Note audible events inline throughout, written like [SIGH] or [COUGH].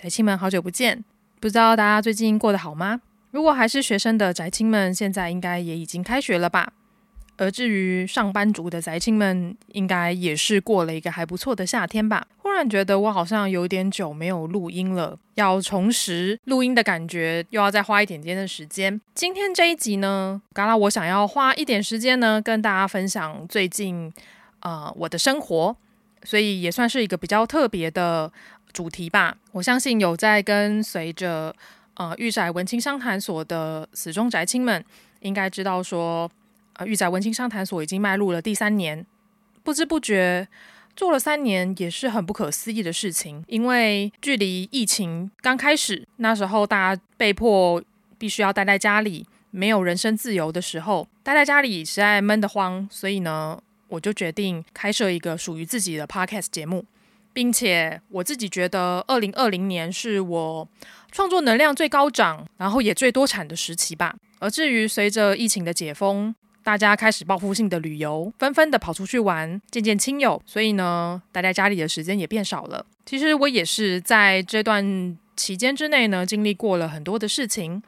宅親們，好久不見！不知道大家最近過得好嗎？如果還是學生的宅親們，現在應該也已經開學了吧？而至於上班族的宅親們，應該也是過了一個還不錯的夏天吧？忽然覺得我好像有點久沒有錄音了，要重拾錄音的感覺，又要再花一點點的時間。今天這一集呢，剛好我想要花一點時間呢，跟大家分享最近，呃，我的生活，所以也算是一個比較特別的主題吧。我相信有在跟隨着呃御宅文青商談所的死忠宅親們，應該知道說，呃御宅文青商談所已經邁入了第三年，不知不覺做了三年，也是很不可思議的事情。因為距離疫情剛開始，那時候大家被迫必須要待在家裡，沒有人身自由的時候，待在家裡實在悶得慌，所以呢，我就決定開設一個屬於自己的 podcast 節目。並且我自己覺得，二零二零年是我創作能量最高漲，然後也最多產的時期吧。而至於隨着疫情的解封，大家開始報復性的旅遊，紛紛的跑出去玩，見見親友，所以呢，待在家裡的時間也變少了。其實我也是在這段期間之內呢，經歷過了很多的事情。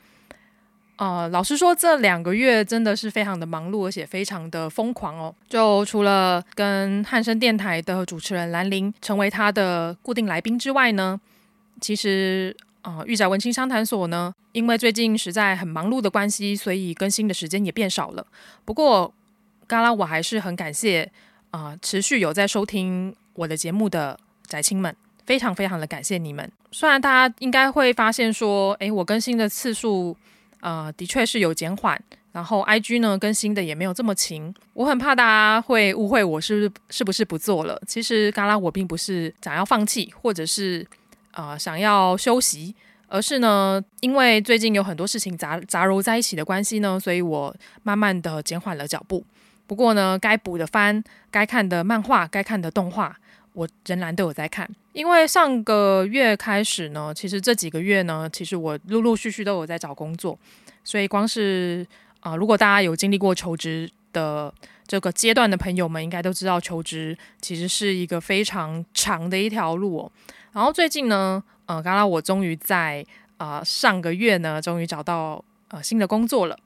呃，老實說，這兩個月真的是非常的忙碌，而且非常的瘋狂哦。就除了跟漢聲電台的主持人蘭陵成為他的固定來賓之外呢，其實呃，御宅文青商談所呢，因為最近實在很忙碌的關係，所以更新的時間也變少了。不過，嘎拉我還是很感謝啊、呃，持續有在收聽我的節目的宅親們，非常非常的感謝你們。雖然大家應該會發現說，哎，我更新的次數。呃，的確是有減緩，然後 IG 呢更新的也沒有這麼勤，我很怕大家會誤會我是不是，是不是不做了。其實，Gala 我並不是想要放棄，或者是呃想要休息，而是呢，因為最近有很多事情雜雜糅在一起的關係呢，所以我慢慢的減緩了腳步。不過呢，該補的番、該看的漫畫、該看的動畫。我仍然都有在看，因為上個月開始呢，其實這幾個月呢，其實我陸陸續續都有在找工作，所以光是啊、呃，如果大家有經歷過求職的這個階段的朋友們，應該都知道，求職其實是一個非常長的一條路哦。然後最近呢，呃，剛剛我終於在啊、呃、上個月呢，終於找到呃新的工作了。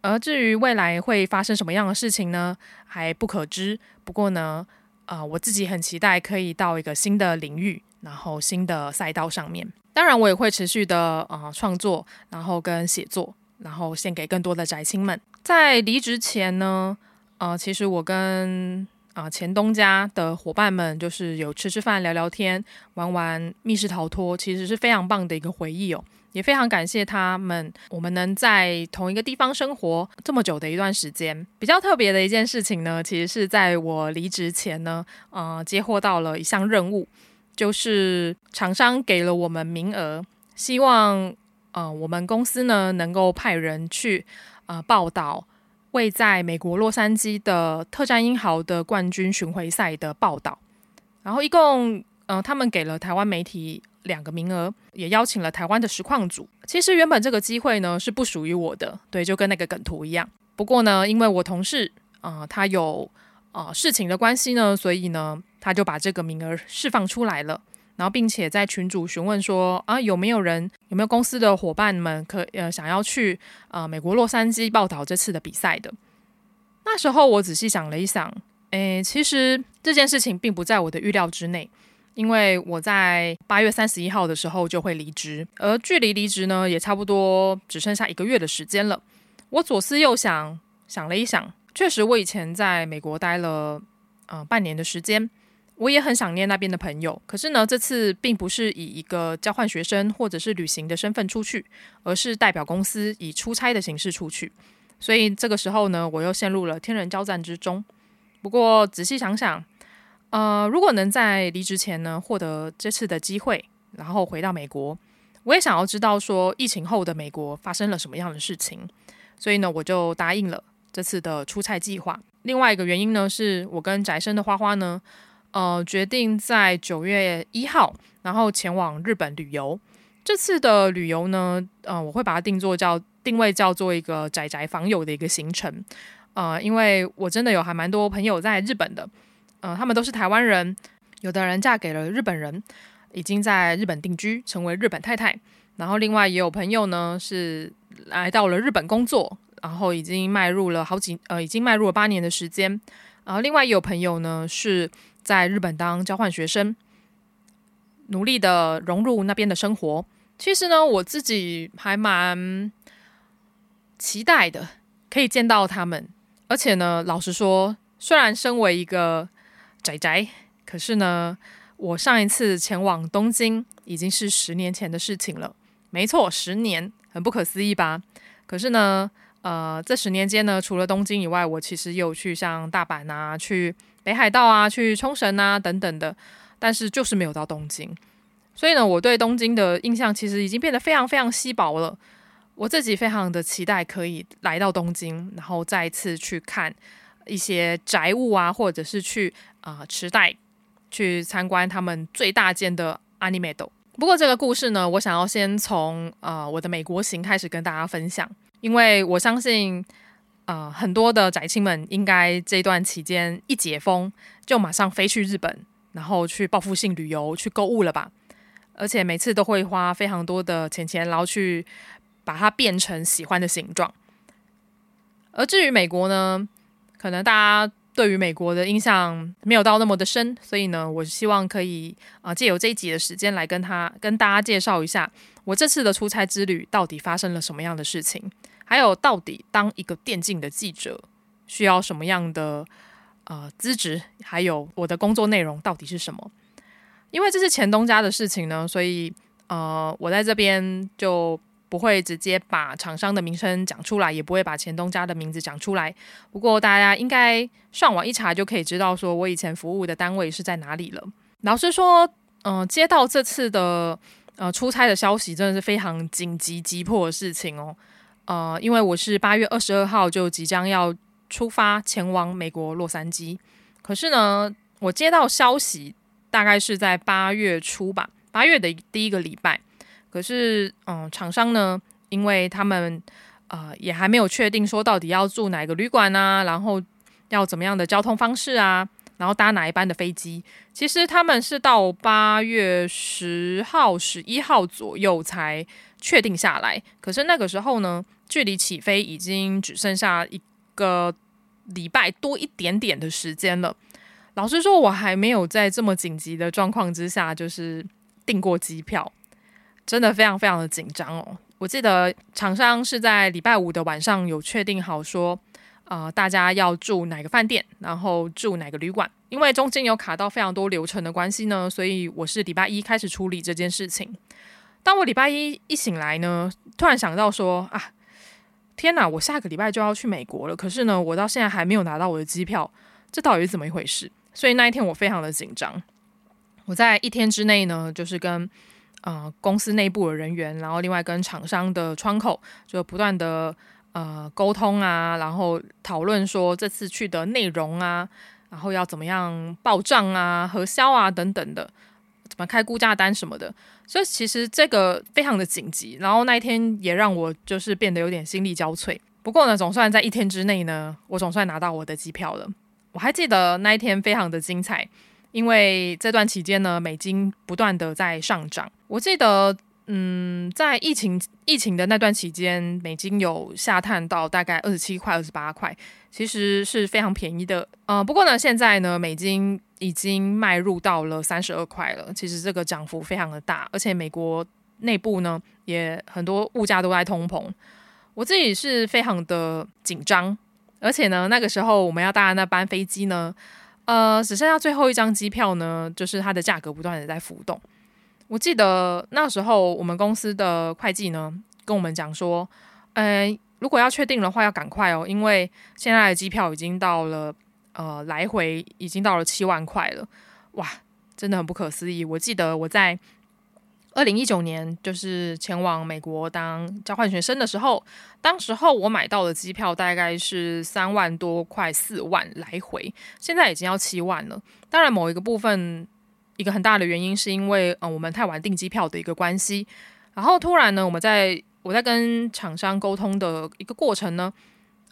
而至於未來會發生什麼樣的事情呢，還不可知。不過呢。啊、呃，我自己很期待可以到一個新的領域，然後新的賽道上面。當然，我也會持續的啊、呃、創作，然後跟寫作，然後獻給更多的宅青們。在離職前呢，啊、呃，其實我跟。啊，前東家的夥伴們就是有吃吃飯、聊聊天、玩玩密室逃脫，其實是非常棒的一個回憶哦。也非常感謝他們，我們能在同一個地方生活這麼久的一段時間。比較特別的一件事情呢，其實是在我離職前呢，呃，接獲到了一項任務，就是廠商給了我們名額，希望，呃，我們公司呢，能夠派人去，呃，報道。會在美國洛杉磯的特戰英豪的冠軍巡迴賽的報道，然後一共，嗯、呃，他們給了台灣媒體兩個名額，也邀請了台灣的實況主。其實原本這個機會呢是不屬於我的，對，就跟那個梗圖一樣。不過呢，因為我同事，啊、呃，他有啊、呃、事情的關係呢，所以呢，他就把這個名額釋放出來了。然後，並且在群組詢問說啊，有沒有人有沒有公司的夥伴們可呃想要去啊、呃、美國洛杉磯報導這次的比賽的？那時候我仔細想了一想，誒，其實這件事情並不在我的預料之內，因為我在八月三十一號的時候就會離職，而距離離職呢也差不多只剩下一個月的時間了。我左思右想，想了一想，確實我以前在美國待了啊、呃、半年的時間。我也很想念那邊的朋友，可是呢，這次並不是以一個交換學生或者是旅行的身份出去，而是代表公司以出差的形式出去，所以這個時候呢，我又陷入了天人交戰之中。不過仔細想想，呃，如果能在離職前呢獲得這次的機會，然後回到美國，我也想要知道說疫情後的美國發生了什麼樣的事情，所以呢，我就答應了這次的出差計劃。另外一個原因呢，是我跟宅生的花花呢。呃，決定在九月一號，然後前往日本旅遊。這次的旅遊呢，呃，我會把它定做叫定位叫做一個宅宅訪友的一個行程。呃，因為我真的有還蠻多朋友在日本的，呃，他們都是台灣人，有的人嫁給了日本人，已經在日本定居，成為日本太太。然後另外也有朋友呢，是來到了日本工作，然後已經邁入了好幾，呃，已經邁入了八年的時間。然後另外也有朋友呢，是在日本當交換學生，努力的融入那邊的生活。其實呢，我自己還蠻期待的，可以見到他們。而且呢，老實說，雖然身為一個宅宅，可是呢，我上一次前往東京已經是十年前的事情了。沒錯，十年，很不可思議吧？可是呢，呃，這十年間呢，除了東京以外，我其實有去像大阪啊，去北海道啊，去沖繩啊，等等的，但是就是沒有到東京，所以呢，我對東京的印象其實已經變得非常非常稀薄了。我自己非常的期待可以來到東京，然後再次去看一些宅物啊，或者是去啊、呃、池袋去參觀他們最大間的 Animate。不過這個故事呢，我想要先從啊、呃、我的美國行開始跟大家分享，因為我相信。啊、呃，很多的宅青們應該這段期間一解封就馬上飛去日本，然後去報復性旅遊、去購物了吧？而且每次都會花非常多的錢錢，然後去把它變成喜歡的形狀。而至於美國呢，可能大家對於美國的印象沒有到那麼的深，所以呢，我希望可以啊呃、借由這一集的時間來跟他跟大家介紹一下，我這次的出差之旅到底發生了什麼樣的事情。還有，到底當一個電競的記者需要什麼樣的呃資質？還有我的工作內容到底是什麼？因為這是前東家的事情呢，所以呃，我在這邊就不會直接把廠商的名稱講出來，也不會把前東家的名字講出來。不過大家應該上網一查就可以知道，說我以前服務的單位是在哪裡了。老實說，嗯、呃，接到這次的呃出差的消息，真的是非常緊急急迫的事情哦。呃，因為我是八月二十二號就即將要出發前往美國洛杉磯，可是呢，我接到消息，大概是在八月初吧，八月的第一個禮拜。可是，嗯、呃，廠商呢，因為他們呃也還沒有確定說到底要住哪個旅館啊，然後要怎麼樣的交通方式啊，然後搭哪一班的飛機。其實他們是到八月十號、十一號左右才確定下來。可是那個時候呢，距離起飛已經只剩下一個禮拜多一點點的時間了。老實說，我還沒有在這麼緊急的狀況之下，就是訂過機票，真的非常非常的緊張哦。我記得廠商是在禮拜五的晚上有確定好說，啊，大家要住哪個飯店，然後住哪個旅館，因為中間有卡到非常多流程的關係呢，所以我是禮拜一開始處理這件事情。當我禮拜一一醒來呢，突然想到說啊。天吶，我下個禮拜就要去美國了，可是呢，我到現在還沒有拿到我的機票，這到底是怎麼一回事？所以那一天我非常的緊張。我在一天之內呢，就是跟呃公司內部的人員，然後另外跟廠商的窗口，就不斷的呃溝通啊，然後討論說這次去的內容啊，然後要怎麼樣報賬啊、核銷啊等等的。什麼開估價單什麼的，所以其實這個非常的緊急，然後那一天也讓我就是變得有點心力交瘁。不過呢，總算在一天之內呢，我總算拿到我的機票了。我還記得那一天非常的精彩，因為這段期間呢，美金不斷的在上漲。我記得。嗯，在疫情疫情的那段期間，美金有下探到大概二十七塊、二十八塊，其實是非常便宜的。呃，不過呢，現在呢，美金已經邁入到了三十二塊了，其實這個漲幅非常的大，而且美國內部呢，也很多物價都在通膨。我自己是非常的緊張，而且呢，那個時候我們要搭的那班飛機呢，呃，只剩下最後一張機票呢，就是它的價格不斷的在浮動。我記得那時候我們公司的會計呢跟我們講說，呃，如果要確定的話要趕快哦，因為現在的機票已經到了，呃，來回已經到了七萬塊了，哇，真的很不可思議。我記得我在二零一九年就是前往美國當交換學生的時候，當時候我買到的機票大概是三萬多塊四萬來回，現在已經要七萬了。當然某一個部分。一個很大的原因是因為，嗯、呃，我們太晚訂機票的一個關係。然後突然呢，我們在我在跟廠商溝通的一個過程呢，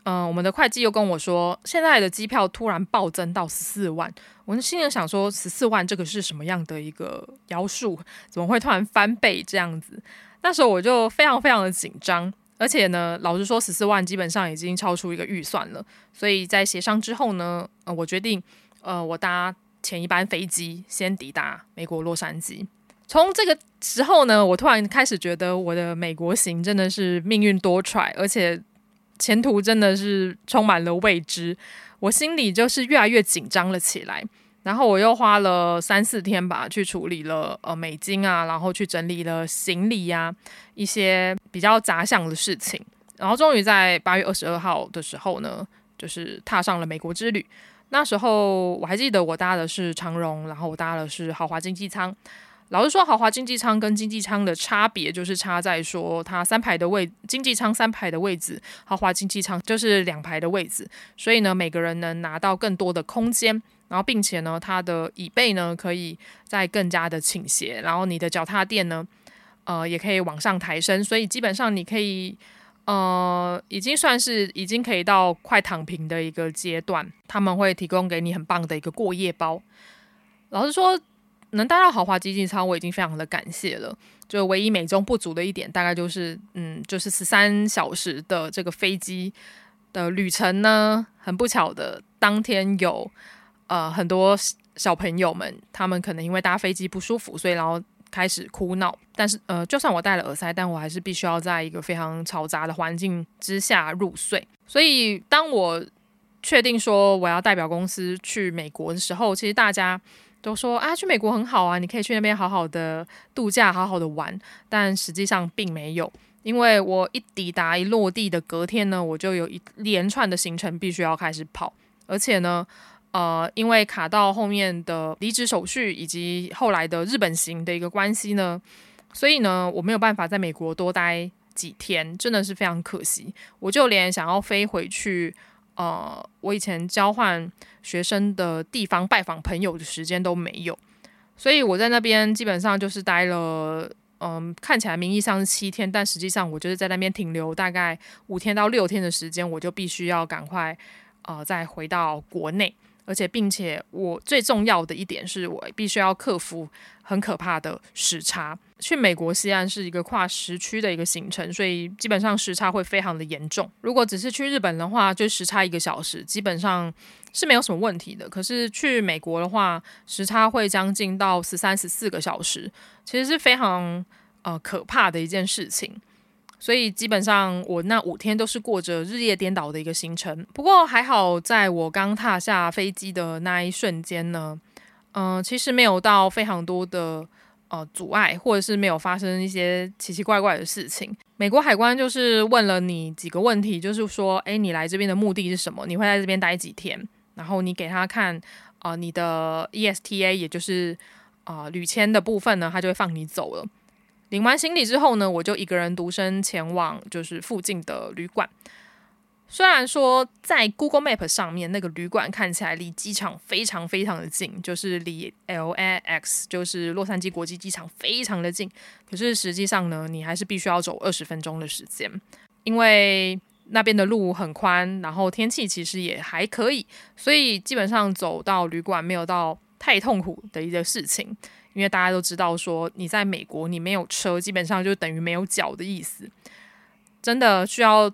嗯、呃，我們的會計又跟我說，現在的機票突然暴增到十四萬。我就心裡想說，十四萬這個是什麼樣的一個妖術？怎麼會突然翻倍這樣子？那時候我就非常非常的緊張，而且呢，老實說，十四萬基本上已經超出一個預算了。所以在協商之後呢，呃，我決定，呃，我搭。前一班飛機先抵達美國洛杉磯。從這個時候呢，我突然開始覺得我的美國行真的是命運多舛，而且前途真的是充滿了未知。我心裡就是越來越緊張了起來。然後我又花了三四天吧，去處理了呃美金啊，然後去整理了行李呀啊一些比較雜項的事情。然後終於在八月二十二號的時候呢，就是踏上了美國之旅。那時候我還記得我搭的是長榮，然後我搭的是豪華經濟艙。老實說，豪華經濟艙跟經濟艙的差別就是差在說它三排的位，經濟艙三排的位置，豪華經濟艙就是兩排的位置。所以呢，每個人能拿到更多的空間，然後並且呢，它的椅背呢可以再更加的傾斜，然後你的腳踏墊呢，呃，也可以往上抬升。所以基本上你可以。呃，已經算是已經可以到快躺平的一個階段。他們會提供給你很棒的一個過夜包。老實說，能搭到豪華經濟艙，我已經非常的感謝了。就唯一美中不足的一點，大概就是，嗯，就是十三小時的這個飛機的旅程呢，很不巧的，當天有呃很多小朋友們，他們可能因為搭飛機不舒服，所以然後。開始哭鬧，但是呃，就算我帶了耳塞，但我還是必須要在一個非常嘈雜的環境之下入睡。所以，當我確定說我要代表公司去美國的時候，其實大家都說啊，去美國很好啊，你可以去那邊好好的度假，好好的玩。但實際上並沒有，因為我一抵達一落地的隔天呢，我就有一連串的行程必須要開始跑，而且呢。呃，因為卡到後面的離職手續以及後來的日本行的一個關係呢，所以呢，我沒有辦法在美國多待幾天，真的是非常可惜。我就連想要飛回去，呃，我以前交換學生的地方拜訪朋友的時間都沒有。所以我在那邊基本上就是待了，嗯、呃，看起來名義上是七天，但實際上我就是在那邊停留大概五天到六天的時間，我就必須要趕快，呃，再回到國內。而且，並且我最重要的一點是我必須要克服很可怕的時差。去美國西岸是一個跨時區的一個行程，所以基本上時差會非常的嚴重。如果只是去日本的話，就時差一個小時，基本上是沒有什麼問題的。可是去美國的話，時差會將近到十三、十四個小時，其實是非常呃可怕的一件事情。所以基本上我那五天都是過着日夜顛倒的一個行程。不過還好，在我剛踏下飛機的那一瞬間呢，嗯、呃，其實沒有到非常多的呃阻礙，或者是沒有發生一些奇奇怪怪的事情。美國海關就是問了你幾個問題，就是說，誒，你來這邊的目的是什麼？你會在這邊待幾天？然後你給他看啊、呃、你的 ESTA，也就是啊、呃、旅簽的部分呢，他就會放你走了。領完行李之後呢，我就一個人獨身前往就是附近的旅館。雖然說在 Google Map 上面那個旅館看起來離機場非常非常的近，就是離 LAX，就是洛杉磯國際機場非常的近，可是實際上呢，你還是必須要走二十分鐘的時間，因為那邊的路很寬，然後天氣其實也還可以，所以基本上走到旅館沒有到太痛苦的一個事情。因為大家都知道，說你在美國，你沒有車，基本上就等於沒有腳的意思。真的需要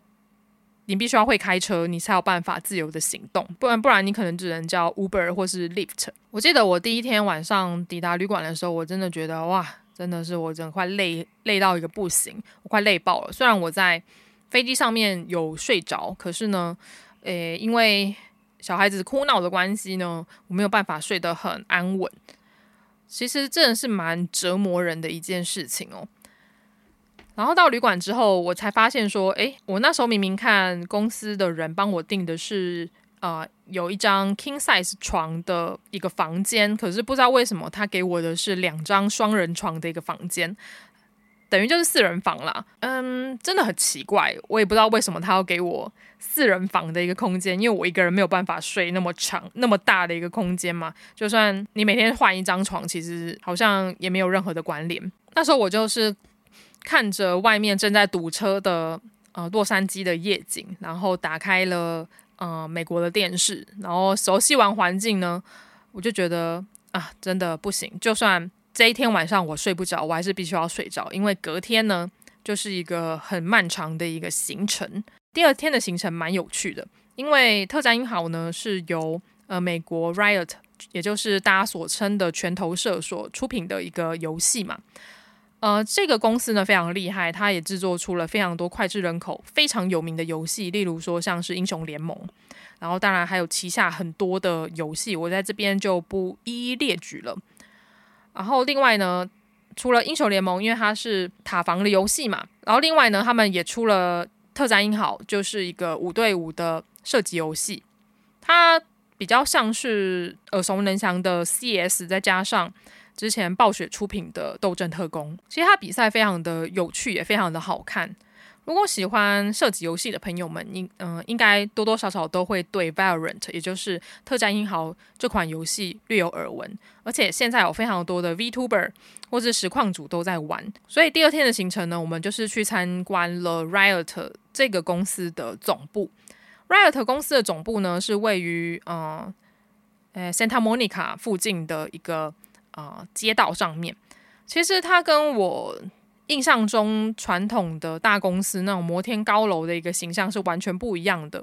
你必須要會開車，你才有辦法自由的行動。不然不然，你可能只能叫 Uber 或是 Lift。我記得我第一天晚上抵達旅館的時候，我真的覺得，哇，真的是我真的快累累到一個不行，我快累爆了。雖然我在飛機上面有睡着，可是呢，誒，因為小孩子哭鬧的關係呢，我沒有辦法睡得很安穩。其實真的是蠻折磨人的一件事情哦。然後到旅館之後，我才發現說，誒，我那時候明明看公司的人幫我訂的是啊，呃，有一張 king size 床的一個房間，可是不知道為什麼他給我的是兩張雙人床的一個房間。等於就是四人房啦，嗯，真的很奇怪，我也不知道為什麼他要給我四人房的一個空間，因為我一個人沒有辦法睡那麼長、那麼大的一個空間嘛。就算你每天換一張床，其實好像也沒有任何的關聯。那時候我就是看着外面正在堵車的呃洛杉磯的夜景，然後打開了呃美國的電視，然後熟悉完環境呢，我就覺得啊，真的不行，就算。這一天晚上我睡不着，我還是必須要睡着，因為隔天呢就是一個很漫長的一個行程。第二天的行程蠻有趣的，因為《特戰英豪》呢是由呃美國 Riot，也就是大家所稱的拳頭社所出品的一個遊戲嘛。呃，這個公司呢非常厲害，它也製作出了非常多膾炙人口、非常有名的遊戲，例如說像是《英雄聯盟》，然後當然還有旗下很多的遊戲，我在這邊就不一一列舉了。然後另外呢，除了英雄聯盟，因為它是塔防的遊戲嘛，然後另外呢，他們也出了特戰英豪，就是一個五對五的射擊遊戲，它比較像是耳熟能詳的 CS，再加上之前暴雪出品的《鬥陣特攻》，其實它比賽非常的有趣，也非常的好看。如果喜歡射擊遊戲的朋友們，應嗯應該多多少少都會對《VALORANT》也就是《特戰英豪》這款遊戲略有耳聞，而且現在有非常多的 VTuber 或者實況主都在玩。所以第二天的行程呢，我們就是去參觀了 Riot 這個公司的總部。Riot 公司的總部呢，是位於呃呃 Santa Monica 附近的一個呃街道上面。其實他跟我，印象中，傳統的大公司那種摩天高樓的一個形象是完全不一樣的。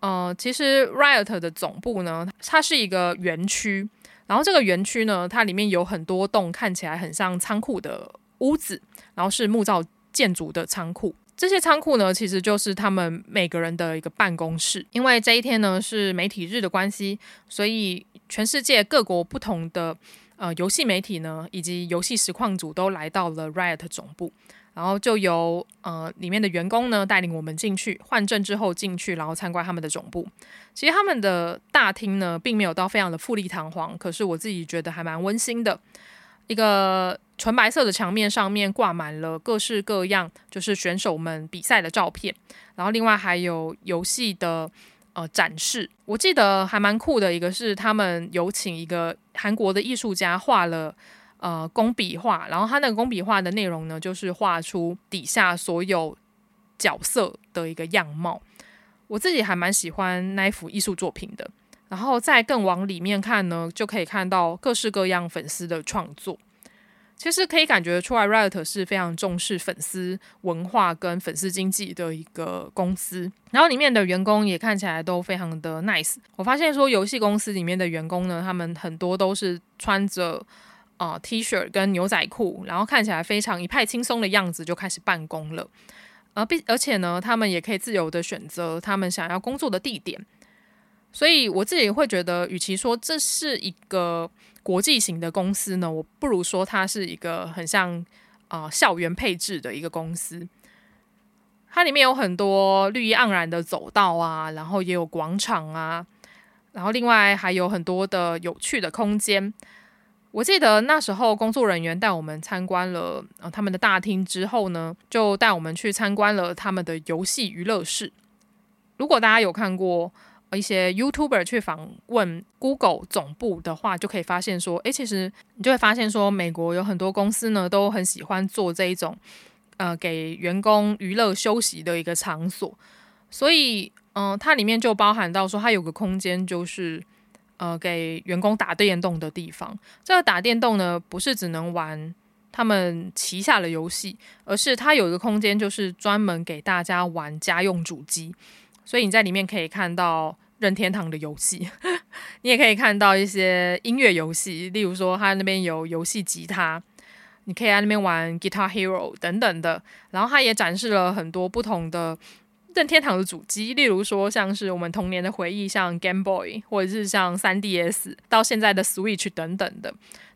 呃，其實 Riot 的總部呢，它是一個園區，然後這個園區呢，它裡面有很多棟看起來很像倉庫的屋子，然後是木造建築的倉庫。這些倉庫呢，其實就是他們每個人的一個辦公室。因為這一天呢，是媒體日的關係，所以全世界各國不同的。呃，遊戲媒體呢，以及遊戲實況組都來到了 Riot 總部，然後就由呃裡面的員工呢帶領我們進去，換證之後進去，然後參觀他們的總部。其實他們的大廳呢，並沒有到非常的富麗堂皇，可是我自己覺得還蠻溫馨的。一個純白色的牆面上面掛滿了各式各樣就是選手們比賽的照片，然後另外還有遊戲的。呃，展示我記得還蠻酷的，一個是他們有請一個韓國的藝術家畫了呃工筆畫，然後他那個工筆畫的內容呢，就是畫出底下所有角色的一個樣貌。我自己還蠻喜歡那一幅藝術作品的。然後再更往裡面看呢，就可以看到各式各樣粉絲的創作。其實可以感覺出來，Riot 是非常重視粉絲文化跟粉絲經濟的一個公司。然後裡面的員工也看起來都非常的 nice。我發現說遊戲公司裡面的員工呢，他們很多都是穿着啊、呃、T 恤跟牛仔褲，然後看起來非常一派輕鬆的樣子就開始辦公了。而、呃、並而且呢，他們也可以自由的選擇他們想要工作的地點。所以我自己會覺得，與其說這是一個。國際型的公司呢，我不如說它是一個很像啊、呃、校園配置的一個公司。它裡面有很多綠意盎然的走道啊，然後也有廣場啊，然後另外還有很多的有趣的空間。我記得那時候工作人員帶我們參觀了、呃、他們的大廳之後呢，就帶我們去參觀了他們的遊戲娛樂室。如果大家有看過，一些 YouTuber 去訪問 Google 總部的話，就可以發現說，誒，其實你就會發現說，美國有很多公司呢，都很喜歡做這一種，呃，給員工娛樂休息的一個場所。所以，嗯、呃，它裡面就包含到說，它有個空間，就是呃，給員工打電動的地方。這個打電動呢，不是只能玩他們旗下的遊戲，而是它有一個空間，就是專門給大家玩家用主機。所以你在裡面可以看到。任天堂的遊戲， [LAUGHS] 你也可以看到一些音樂遊戲，例如說，它那邊有遊戲吉他，你可以在那邊玩 Guitar Hero 等等的。然後，它也展示了很多不同的任天堂的主機，例如說，像是我們童年的回憶，像 Game Boy 或者是像 3DS 到現在的 Switch 等等的。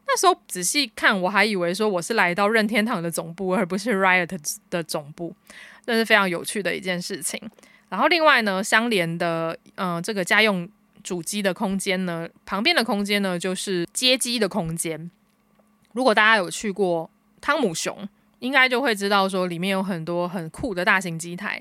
那時候仔細看，我還以為說我是來到任天堂的總部，而不是 Riot 的總部。這是非常有趣的一件事情。然後另外呢，相連的，呃，這個家用主機的空間呢，旁邊的空間呢，就是街機的空間。如果大家有去過湯姆熊，應該就會知道說裡面有很多很酷的大型機台，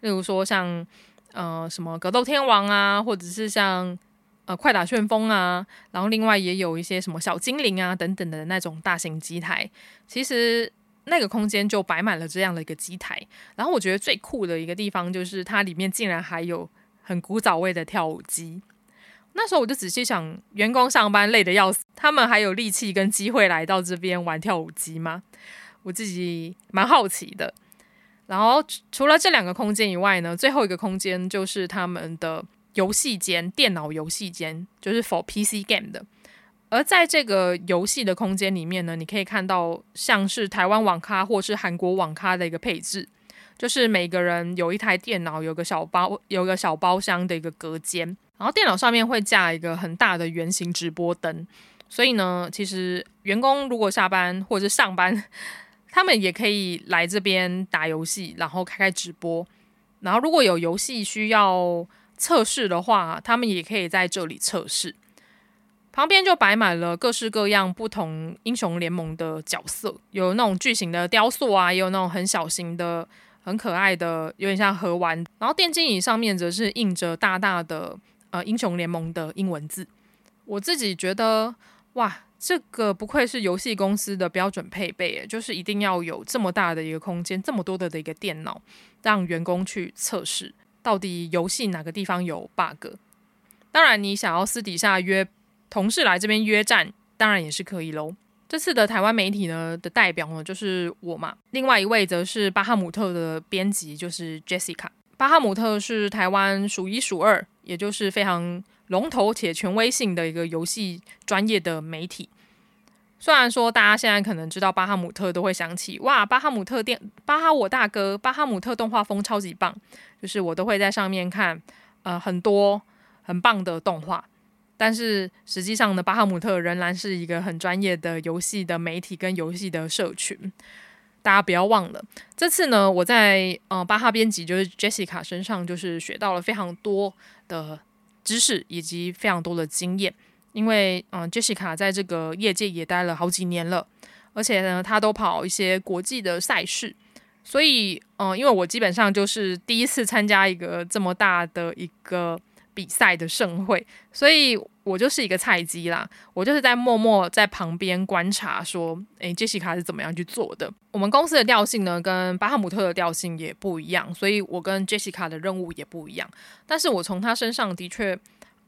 例如說像，呃，什麼格鬥天王啊，或者是像，呃，快打旋風啊，然後另外也有一些什麼小精靈啊等等的那種大型機台，其實。那個空間就擺滿了這樣的一個機台，然後我覺得最酷的一個地方就是它裡面竟然還有很古早味的跳舞機。那時候我就仔細想，員工上班累得要死，他們還有力氣跟機會來到這邊玩跳舞機嗎？我自己蠻好奇的。然後除了這兩個空間以外呢，最後一個空間就是他們的遊戲間，電腦遊戲間，就是 for PC game 的。而在這個遊戲的空間裡面呢，你可以看到像是台灣網咖或是韓國網咖的一個配置，就是每個人有一台電腦，有個小包，有個小包廂的一個隔間，然後電腦上面會架一個很大的圓形直播燈。所以呢，其實員工如果下班或者是上班，他們也可以來這邊打遊戲，然後開開直播。然後如果有遊戲需要測試的話，他們也可以在這裡測試。旁邊就擺滿了各式各樣不同英雄聯盟的角色，有那種巨型的雕塑啊，也有那種很小型的、很可愛的，有點像盒玩。然後電競椅上面則是印着大大的呃英雄聯盟的英文字。我自己覺得哇，這個不愧是遊戲公司的標準配備，就是一定要有這麼大的一個空間，這麼多的的一個電腦，讓員工去測試到底遊戲哪個地方有 bug。當然，你想要私底下約。同事來這邊約戰，當然也是可以嘍。這次的台灣媒體呢的代表呢就是我嘛，另外一位則是巴哈姆特的編輯，就是 Jessica。巴哈姆特是台灣數一數二，也就是非常龍頭且權威性的一個遊戲專業的媒體。雖然說大家現在可能知道巴哈姆特，都會想起哇，巴哈姆特電巴哈我大哥，巴哈姆特動畫風超級棒，就是我都會在上面看呃很多很棒的動畫。但是實際上呢，巴哈姆特仍然是一個很專業的遊戲的媒體跟遊戲的社群。大家不要忘了，這次呢，我在嗯、呃、巴哈編輯就是 Jessica 身上，就是學到了非常多的知識以及非常多的經驗。因為嗯、呃，Jessica 在這個業界也待了好幾年了，而且呢，他都跑一些國際的賽事。所以嗯、呃，因為我基本上就是第一次參加一個這麼大的一個。比賽的盛會，所以我就是一個菜雞啦。我就是在默默在旁邊觀察，說，誒，Jessica 是怎麼樣去做的？我們公司的調性呢，跟巴哈姆特的調性也不一樣，所以我跟 Jessica 的任務也不一樣。但是我從她身上的確，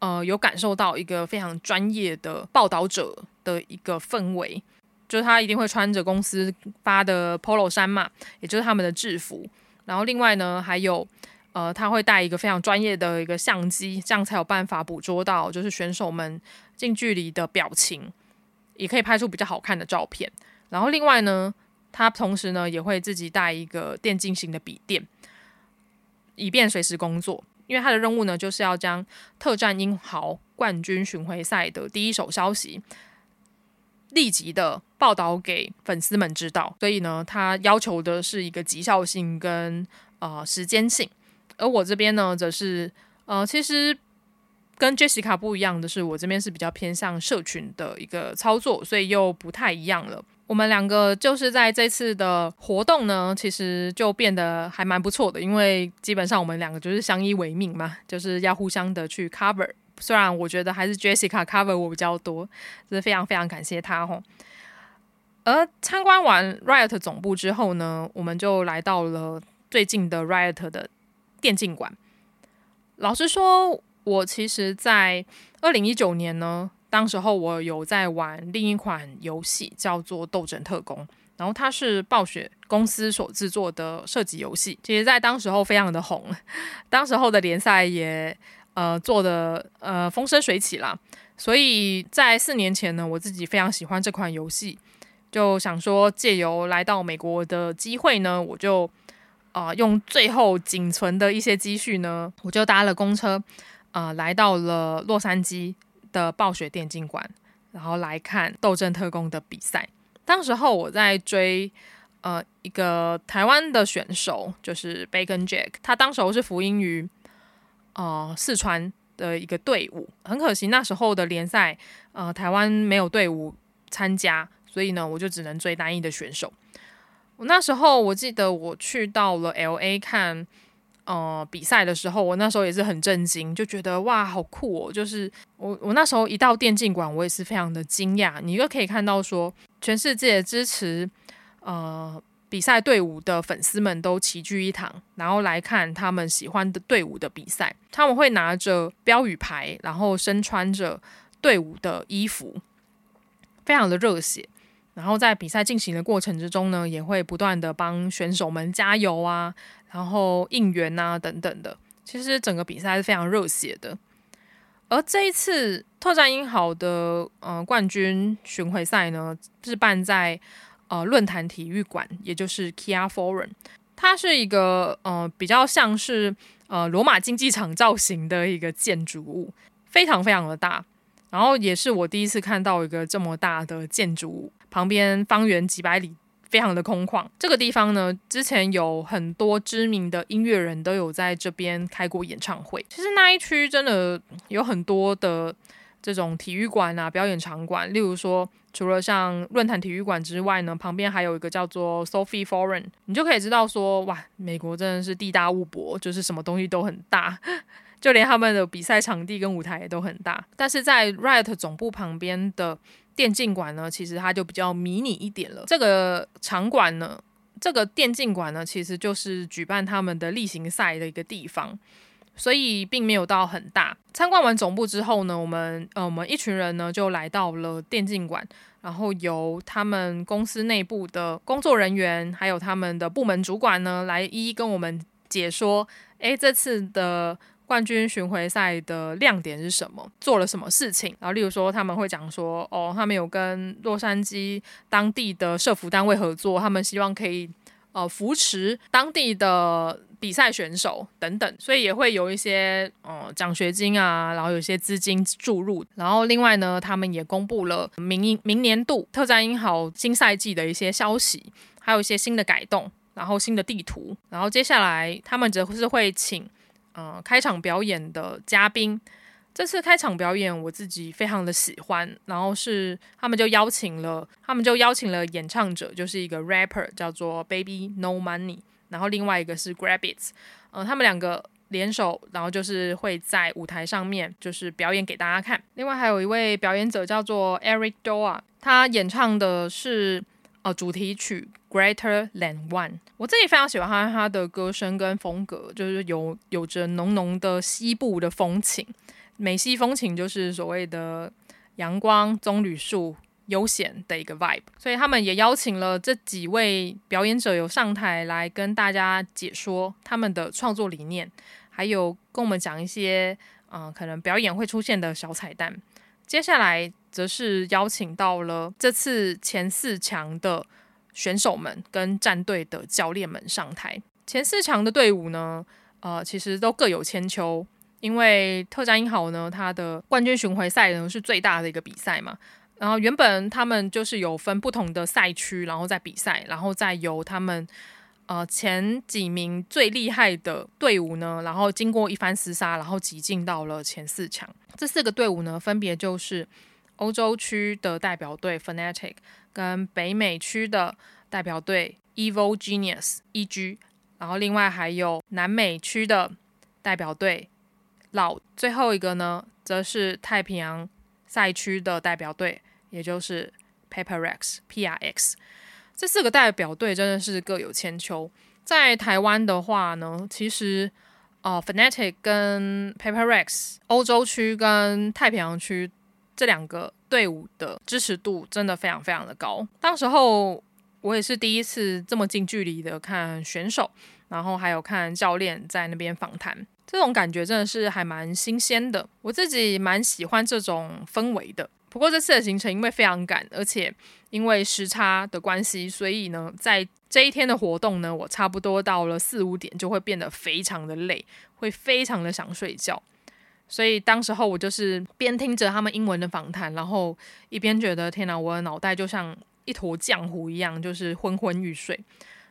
呃，有感受到一個非常專業的報道者的一個氛圍，就是她一定會穿着公司發的 Polo 衫嘛，也就是他們的制服。然後另外呢，還有。呃，他會帶一個非常專業的一個相機，這樣才有辦法捕捉到就是選手們近距離的表情，也可以拍出比較好看的照片。然後另外呢，他同時呢也會自己帶一個電競型的筆電，以便隨時工作。因為他的任務呢就是要將特戰英豪冠軍巡迴賽的第一手消息立即的報道給粉絲們知道，所以呢，他要求的是一個績效性跟呃時間性。而我這邊呢，則是呃，其實跟 Jessica 不一樣的是，我這邊是比較偏向社群的一個操作，所以又不太一樣了。我們兩個就是在這次的活動呢，其實就變得還蠻不錯的，因為基本上我們兩個就是相依為命嘛，就是要互相的去 cover。雖然我覺得還是 Jessica cover 我比較多，這、就是非常非常感謝他吼。而參觀完 Riot 總部之後呢，我們就來到了最近的 Riot 的。電競館，老實說，我其實，在二零一九年呢，當時候我有在玩另一款遊戲，叫做《鬥陣特攻》，然後它是暴雪公司所製作的射擊遊戲，其實在當時候非常的紅，當時候的聯賽也呃做得呃風生水起啦，所以在四年前呢，我自己非常喜歡這款遊戲，就想說借由來到美國的機會呢，我就。啊、呃，用最後僅存的一些積蓄呢，我就搭了公車，啊、呃，來到了洛杉磯的暴雪電競館，然後來看《鬥陣特攻》的比賽。當時候我在追，呃，一個台灣的選手，就是 BaconJack，他當時候是服役於，呃，四川的一個隊伍。很可惜，那時候的聯賽，呃，台灣沒有隊伍參加，所以呢，我就只能追單一的選手。那時候我記得我去到了 LA 看呃比賽的時候，我那時候也是很震驚，就覺得哇好酷哦！就是我我那時候一到電競館，我也是非常的驚訝。你就可以看到說全世界支持呃比賽隊伍的粉絲們都齊聚一堂，然後來看他們喜歡的隊伍的比賽。他們會拿着標語牌，然後身穿着隊伍的衣服，非常的熱血。然後在比賽進行的過程之中呢，也會不斷的幫選手們加油啊，然後應援啊等等的。其實整個比賽是非常熱血的。而這一次《特戰英豪》的呃冠軍巡回賽呢，是辦在呃論壇體育館，也就是 Kia Forum。它是一個呃比較像是呃羅馬競技場造型的一個建築物，非常非常的大。然後也是我第一次看到一個這麼大的建築物。旁邊方圓幾百里，非常的空曠，這個地方呢，之前有很多知名的音樂人都有在這邊開過演唱會。其實那一區真的有很多的這種體育館啊、表演場館，例如說，除了像論壇體育館之外呢，旁邊還有一個叫做 Sophie Foreign，你就可以知道說，哇，美國真的是地大物博，就是什麼東西都很大， [LAUGHS] 就連他們的比賽場地跟舞台也都很大。但是在 Riot 總部旁邊的。電競館呢，其實它就比較迷你一點了。這個場館呢，這個電競館呢，其實就是舉辦他們的例行賽的一個地方，所以並沒有到很大。參觀完總部之後呢，我們呃我們一群人呢就來到了電競館，然後由他們公司內部的工作人員，還有他們的部門主管呢來一一跟我們解說。誒，這次的。冠軍巡迴賽的亮點是什麼？做了什麼事情？然後，例如說，他們會講說，哦，他們有跟洛杉磯當地的社服單位合作，他們希望可以呃扶持當地的比賽選手等等，所以也會有一些呃獎學金啊，然後有一些資金注入。然後，另外呢，他們也公布了明明年度特戰英豪新賽季的一些消息，還有一些新的改動，然後新的地圖。然後，接下來他們則是會請。嗯、呃，開場表演的嘉賓，這次開場表演我自己非常的喜歡。然後是他們就邀請了，他們就邀請了演唱者，就是一個 rapper 叫做 Baby No Money，然後另外一個是 Grabbitz 呃，他們兩個聯手，然後就是會在舞台上面就是表演給大家看。另外還有一位表演者叫做 Ericdoa，、er，他演唱的是呃主題曲。Greater than one，我自己非常喜歡他他的歌聲跟風格，就是有有着濃濃的西部的風情，美西風情就是所謂的陽光、棕櫚樹、悠閒的一個 vibe。所以他們也邀請了這幾位表演者有上台來跟大家解說他們的創作理念，還有跟我們講一些嗯、呃、可能表演會出現的小彩蛋。接下來則是邀請到了這次前四強的。選手們跟戰隊的教練們上台。前四強的隊伍呢，呃，其實都各有千秋。因為特戰英豪呢，他的冠軍巡迴賽呢是最大的一個比賽嘛。然後原本他們就是有分不同的賽區，然後在比賽，然後再由他們呃前幾名最厲害的隊伍呢，然後經過一番廝殺，然後擠進到了前四強。這四個隊伍呢，分別就是。歐洲區的代表隊 Fnatic 跟北美區的代表隊 Evil Genius（EG），然後另外還有南美區的代表隊，老，最後一個呢，則是太平洋賽區的代表隊，也就是 Paper Rex（PRX）。這四個代表隊真的是各有千秋。在台灣的話呢，其實呃 Fnatic 跟 Paper Rex，歐洲區跟太平洋區，這兩個隊伍的支持度真的非常非常的高。當時候我也是第一次這麼近距離的看選手，然後還有看教練在那邊訪談，這種感覺真的是還蠻新鮮的。我自己蠻喜歡這種氛圍的。不過這次的行程因為非常趕，而且因為時差的關係，所以呢，在這一天的活動呢，我差不多到了四五點就會變得非常的累，會非常的想睡覺。所以當時候我就是邊聽着他們英文的訪談，然後一邊覺得天哪，我的腦袋就像一坨漿糊一樣，就是昏昏欲睡，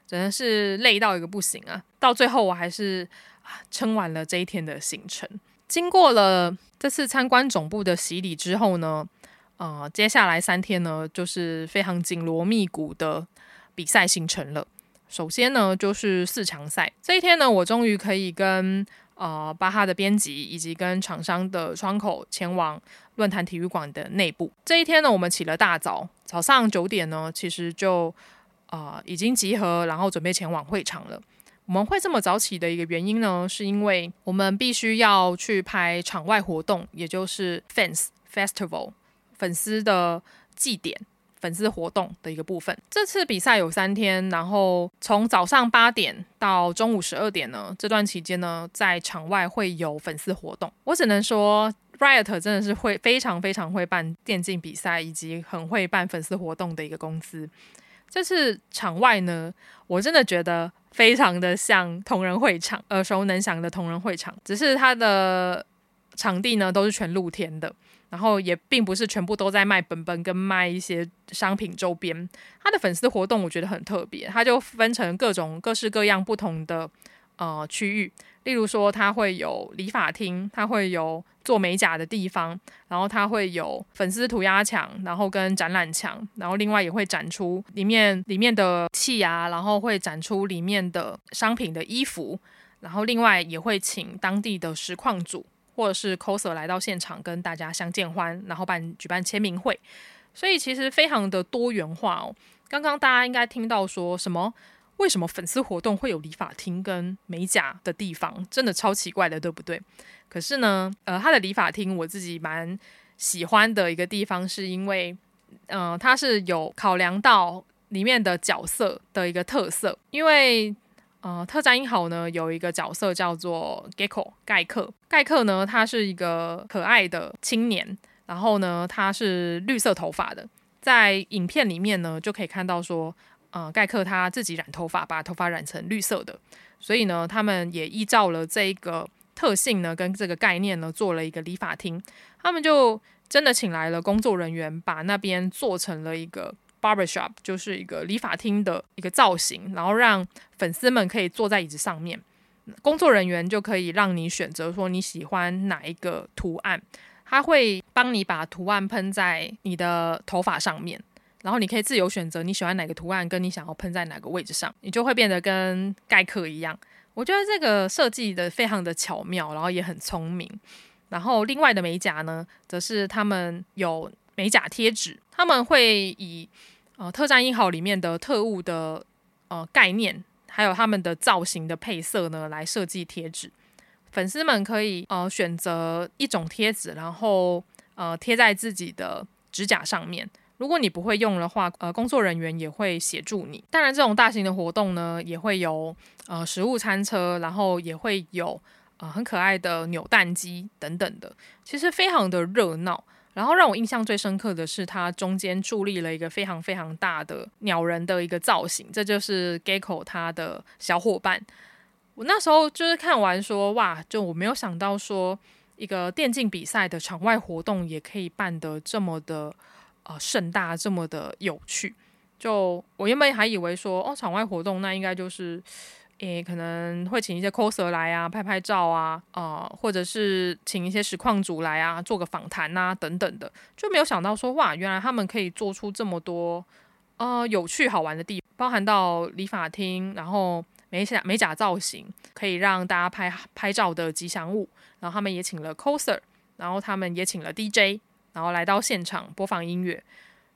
真的是累到一個不行啊！到最後我還是，啊，撐完了這一天的行程。經過了這次參觀總部的洗禮之後呢，呃，接下來三天呢就是非常緊鑼密鼓的比賽行程了。首先呢就是四強賽。這一天呢，我終於可以跟。啊，巴哈、呃、的編輯以及跟廠商的窗口前往論壇體育館的內部。這一天呢，我們起了大早，早上九點呢，其實就啊、呃、已經集合，然後準備前往會場了。我們會這麼早起的一個原因呢，是因為我們必須要去拍場外活動，也就是 FANS FESTIVAL 粉絲的祭典。粉絲活動的一個部分。這次比賽有三天，然後從早上八點到中午十二點呢，這段期間呢，在場外會有粉絲活動。我只能說，Riot 真的是會非常非常會辦電競比賽，以及很會辦粉絲活動的一個公司。這次場外呢，我真的覺得非常的像同人會場，耳、呃、熟能詳的同人會場，只是它的場地呢都是全露天的。然後也並不是全部都在賣本本跟賣一些商品周邊，他的粉絲活動我覺得很特別，他就分成各種各式各樣不同的呃區域，例如說他會有理髮廳，他會有做美甲的地方，然後他會有粉絲塗鴉牆，然後跟展覽牆，然後另外也會展出裡面裡面的器啊，然後會展出裡面的商品的衣服，然後另外也會請當地的實況主。或者是 coser 來到現場跟大家相見歡，然後辦舉辦簽名會，所以其實非常的多元化哦。剛剛大家應該聽到說什麼？為什麼粉絲活動會有理髮廳跟美甲的地方？真的超奇怪的，對不對？可是呢，呃，他的理髮廳我自己蠻喜歡的一個地方，是因為，嗯、呃，他是有考量到裡面的角色的一個特色，因為。呃，特戰英豪呢，有一個角色叫做 Gekko。蓋克，蓋克呢，他是一個可愛的青年，然後呢，他是綠色頭髮的，在影片裡面呢就可以看到說，呃，蓋克他自己染頭髮，把頭髮染成綠色的，所以呢，他們也依照了這個特性呢、跟這個概念呢，做了一個理髮廳，他們就真的請來了工作人員，把那邊做成了一個。barber shop 就是一個理髮廳的一個造型，然後讓粉絲們可以坐在椅子上面，工作人員就可以讓你選擇說你喜歡哪一個圖案，他會幫你把圖案噴在你的頭髮上面，然後你可以自由選擇你喜歡哪個圖案，跟你想要噴在哪個位置上，你就會變得跟蓋克一樣。我覺得這個設計得非常的巧妙，然後也很聰明。然後另外的美甲呢，則是他們有。美甲貼紙，他們會以呃特戰英豪裡面的特務的呃概念，還有他們的造型的配色呢來設計貼紙。粉絲們可以呃選擇一種貼紙，然後呃貼在自己的指甲上面。如果你不會用的話，呃工作人員也會協助你。當然，這種大型的活動呢，也會有呃食物餐車，然後也會有呃很可愛的扭蛋機等等的，其實非常的熱鬧。然後讓我印象最深刻的是，它中間佇立了一個非常非常大的鳥人的一個造型，這就是 Gekko 它的小夥伴。我那時候就是看完說哇，就我沒有想到說一個電競比賽的場外活動也可以辦得這麼的呃盛大，這麼的有趣。就我原本還以為說哦，場外活動那應該就是。也可能會請一些 coser 來啊，拍拍照啊，啊、呃，或者是請一些實況主來啊，做個訪談吶、啊，等等的。就沒有想到說哇，原來他們可以做出這麼多呃有趣好玩的地方，包含到理髮廳，然後美甲美甲、造型可以讓大家拍拍照的吉祥物，然後他們也請了 coser，然後他們也請了 DJ，然後來到現場播放音樂，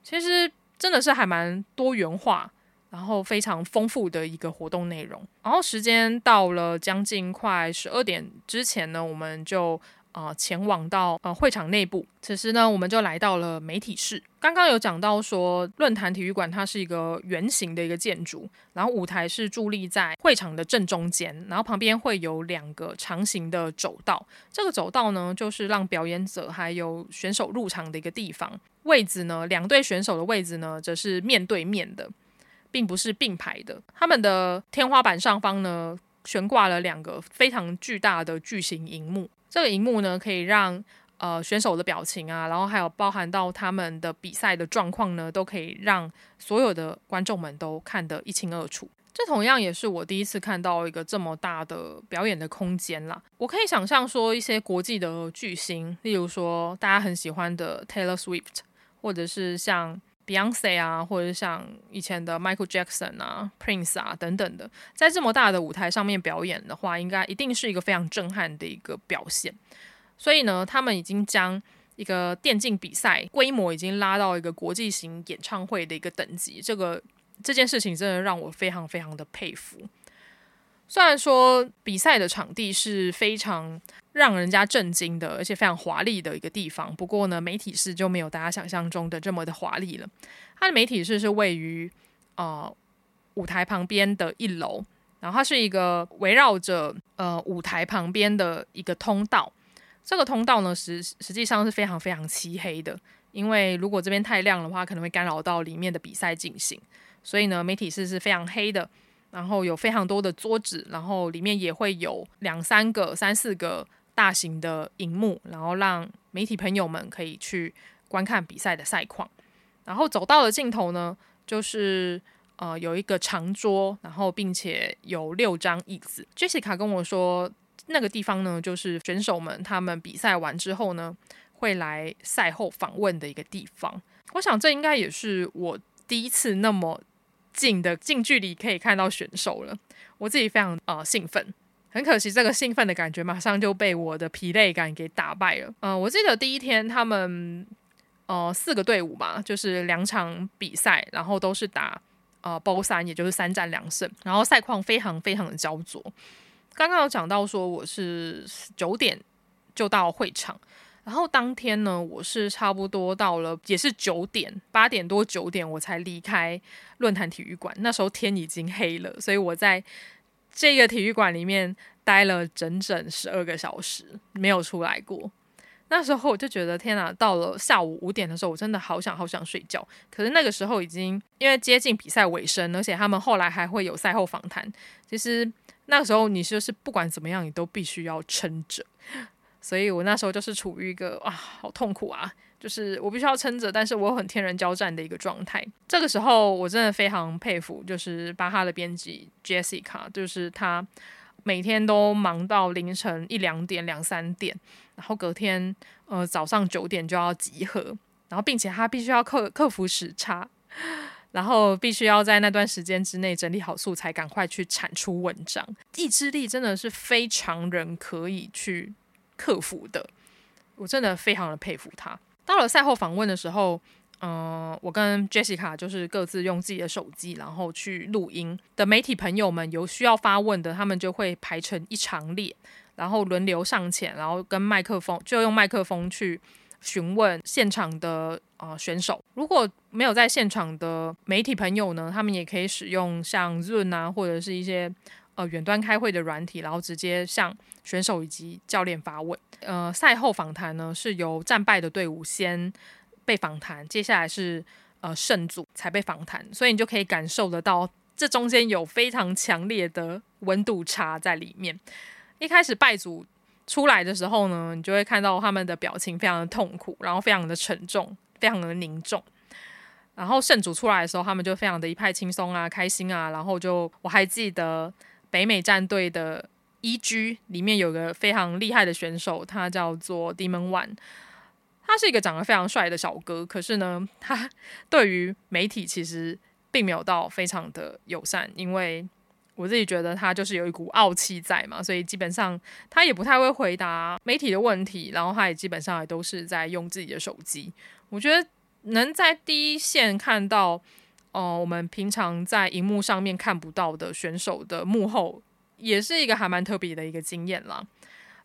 其實真的是還蠻多元化。然後非常豐富的一個活動內容，然後時間到了將近快十二點之前呢，我們就啊、呃、前往到呃會場內部。此時呢，我們就來到了媒體室。剛剛有講到說，論壇體育館它是一個圓形的一個建築，然後舞台是佇立在會場的正中間，然後旁邊會有兩個長形的走道。這個走道呢，就是讓表演者還有選手入場的一個地方。位置呢，兩隊選手的位置呢，則是面對面的。並不是並排的，他們的天花板上方呢，懸掛了兩個非常巨大的巨型熒幕。這個熒幕呢，可以讓呃選手的表情啊，然後還有包含到他們的比賽的狀況呢，都可以讓所有的觀眾們都看得一清二楚。這同樣也是我第一次看到一個這麼大的表演的空間啦。我可以想象說一些國際的巨星，例如說大家很喜歡的 Taylor Swift，或者是像。Beyonce 啊，或者像以前的 Michael Jackson 啊、Prince 啊等等的，在這麼大的舞台上面表演的話，應該一定是一個非常震撼的一個表現。所以呢，他們已經將一個電競比賽規模已經拉到一個國際型演唱會的一個等級，這個這件事情真的讓我非常非常的佩服。雖然說比賽的場地是非常。讓人家震驚的，而且非常華麗的一個地方。不過呢，媒體室就沒有大家想象中的這麼的華麗了。它的媒體室是位於呃舞台旁邊的一樓，然後它是一個圍繞着呃舞台旁邊的一個通道。這個通道呢，實實際上是非常非常漆黑的，因為如果這邊太亮的話，可能會干擾到裡面的比賽進行。所以呢，媒體室是非常黑的，然後有非常多的桌子，然後裡面也會有兩三個、三四個。大型的熒幕，然後讓媒體朋友們可以去觀看比賽的賽況。然後走到了盡頭呢，就是呃有一個長桌，然後並且有六張椅子。Jessica 跟我說，那個地方呢，就是選手們他們比賽完之後呢，會來賽後訪問的一個地方。我想這應該也是我第一次那麼近的近距離可以看到選手了，我自己非常呃興奮。很可惜，這個興奮的感覺馬上就被我的疲累感給打敗了。嗯、呃，我記得第一天他們呃四個隊伍嘛，就是兩場比賽，然後都是打啊包三，呃、3，也就是三戰兩勝，然後賽況非常非常的焦灼。剛剛有講到說我是九點就到會場，然後當天呢，我是差不多到了也是九點八點多九點我才離開論壇體育館，那時候天已經黑了，所以我在。這個體育館裡面待了整整十二個小時，沒有出來過。那時候我就覺得天哪，到了下午五點的時候，我真的好想好想睡覺。可是那個時候已經因為接近比賽尾聲，而且他們後來還會有賽後訪談。其實那時候你就是不管怎麼樣，你都必須要撐着。所以我那時候就是處於一個哇，好痛苦啊。就是我必須要撐着，但是我很天人交戰的一個狀態。這個時候我真的非常佩服，就是巴哈的編輯 Jessica，就是她每天都忙到凌晨一兩點、兩三點，然後隔天呃早上九點就要集合，然後並且她必須要克克服時差，然後必須要在那段時間之內整理好素材，趕快去產出文章。意志力真的是非常人可以去克服的，我真的非常的佩服她。到了賽後訪問的時候，嗯、呃，我跟 Jessica 就是各自用自己的手機，然後去錄音的媒體朋友們有需要發問的，他們就會排成一長列，然後輪流上前，然後跟麥克風就用麥克風去詢問現場的啊、呃、選手。如果沒有在現場的媒體朋友呢，他們也可以使用像 Zoom 啊或者是一些。呃，遠端開會的軟體，然後直接向選手以及教練發問。呃，賽後訪談呢，是由戰敗的隊伍先被訪談，接下來是呃勝組才被訪談，所以你就可以感受得到這中間有非常強烈的溫度差在裡面。一開始敗組出來的時候呢，你就會看到他們的表情非常的痛苦，然後非常的沉重，非常的凝重。然後勝組出來的時候，他們就非常的一派輕鬆啊，開心啊，然後就我還記得。北美戰隊的 EG 裡面有個非常厲害的選手，他叫做 Demon One，他是一個長得非常帥的小哥，可是呢，他對於媒體其實並沒有到非常的友善，因為我自己覺得他就是有一股傲氣在嘛，所以基本上他也不太會回答媒體的問題，然後他也基本上也都是在用自己的手機。我覺得能在第一線看到。哦，我們平常在熒幕上面看不到的選手的幕後，也是一個還蠻特別的一個經驗啦。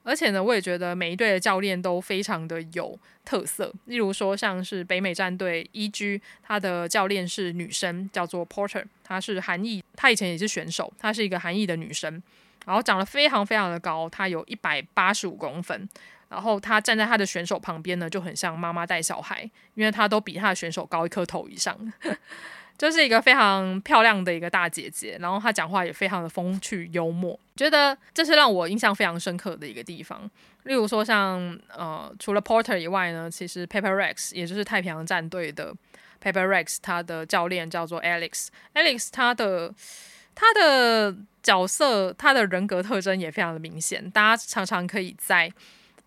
而且呢，我也覺得每一隊的教練都非常的有特色。例如說，像是北美戰隊 EG，他的教練是女生，叫做 Porter，她是韓裔，她以前也是選手，她是一個韓裔的女生，然後長得非常非常的高，她有一百八十五公分。然後她站在她的選手旁邊呢，就很像媽媽帶小孩，因為她都比她的選手高一顆頭以上。 [LAUGHS] 就是一個非常漂亮的一個大姐姐，然後她講話也非常的風趣幽默，覺得這是讓我印象非常深刻的一個地方。例如說像，像呃，除了 Porter 以外呢，其實 Paper Rex 也就是太平洋戰隊的 Paper Rex，他的教練叫做 Alex，Alex，Alex 他的他的角色他的人格特徵也非常的明顯，大家常常可以在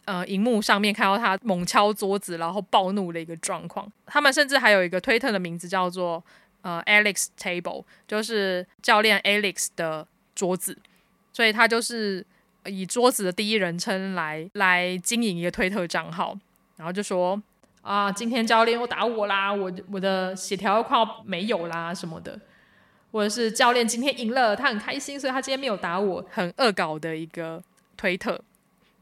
呃熒幕上面看到他猛敲桌子然後暴怒的一個狀況。他們甚至還有一個推特的名字叫做。呃、uh，Alex Table 就是教練 Alex 的桌子，所以他就是以桌子的第一人稱來來經營一個推特賬號，然後就說啊，今天教練又打我啦，我我的血條要快要沒有啦什麼的，或者是教練今天贏了，他很開心，所以他今天沒有打我，很惡搞的一個推特。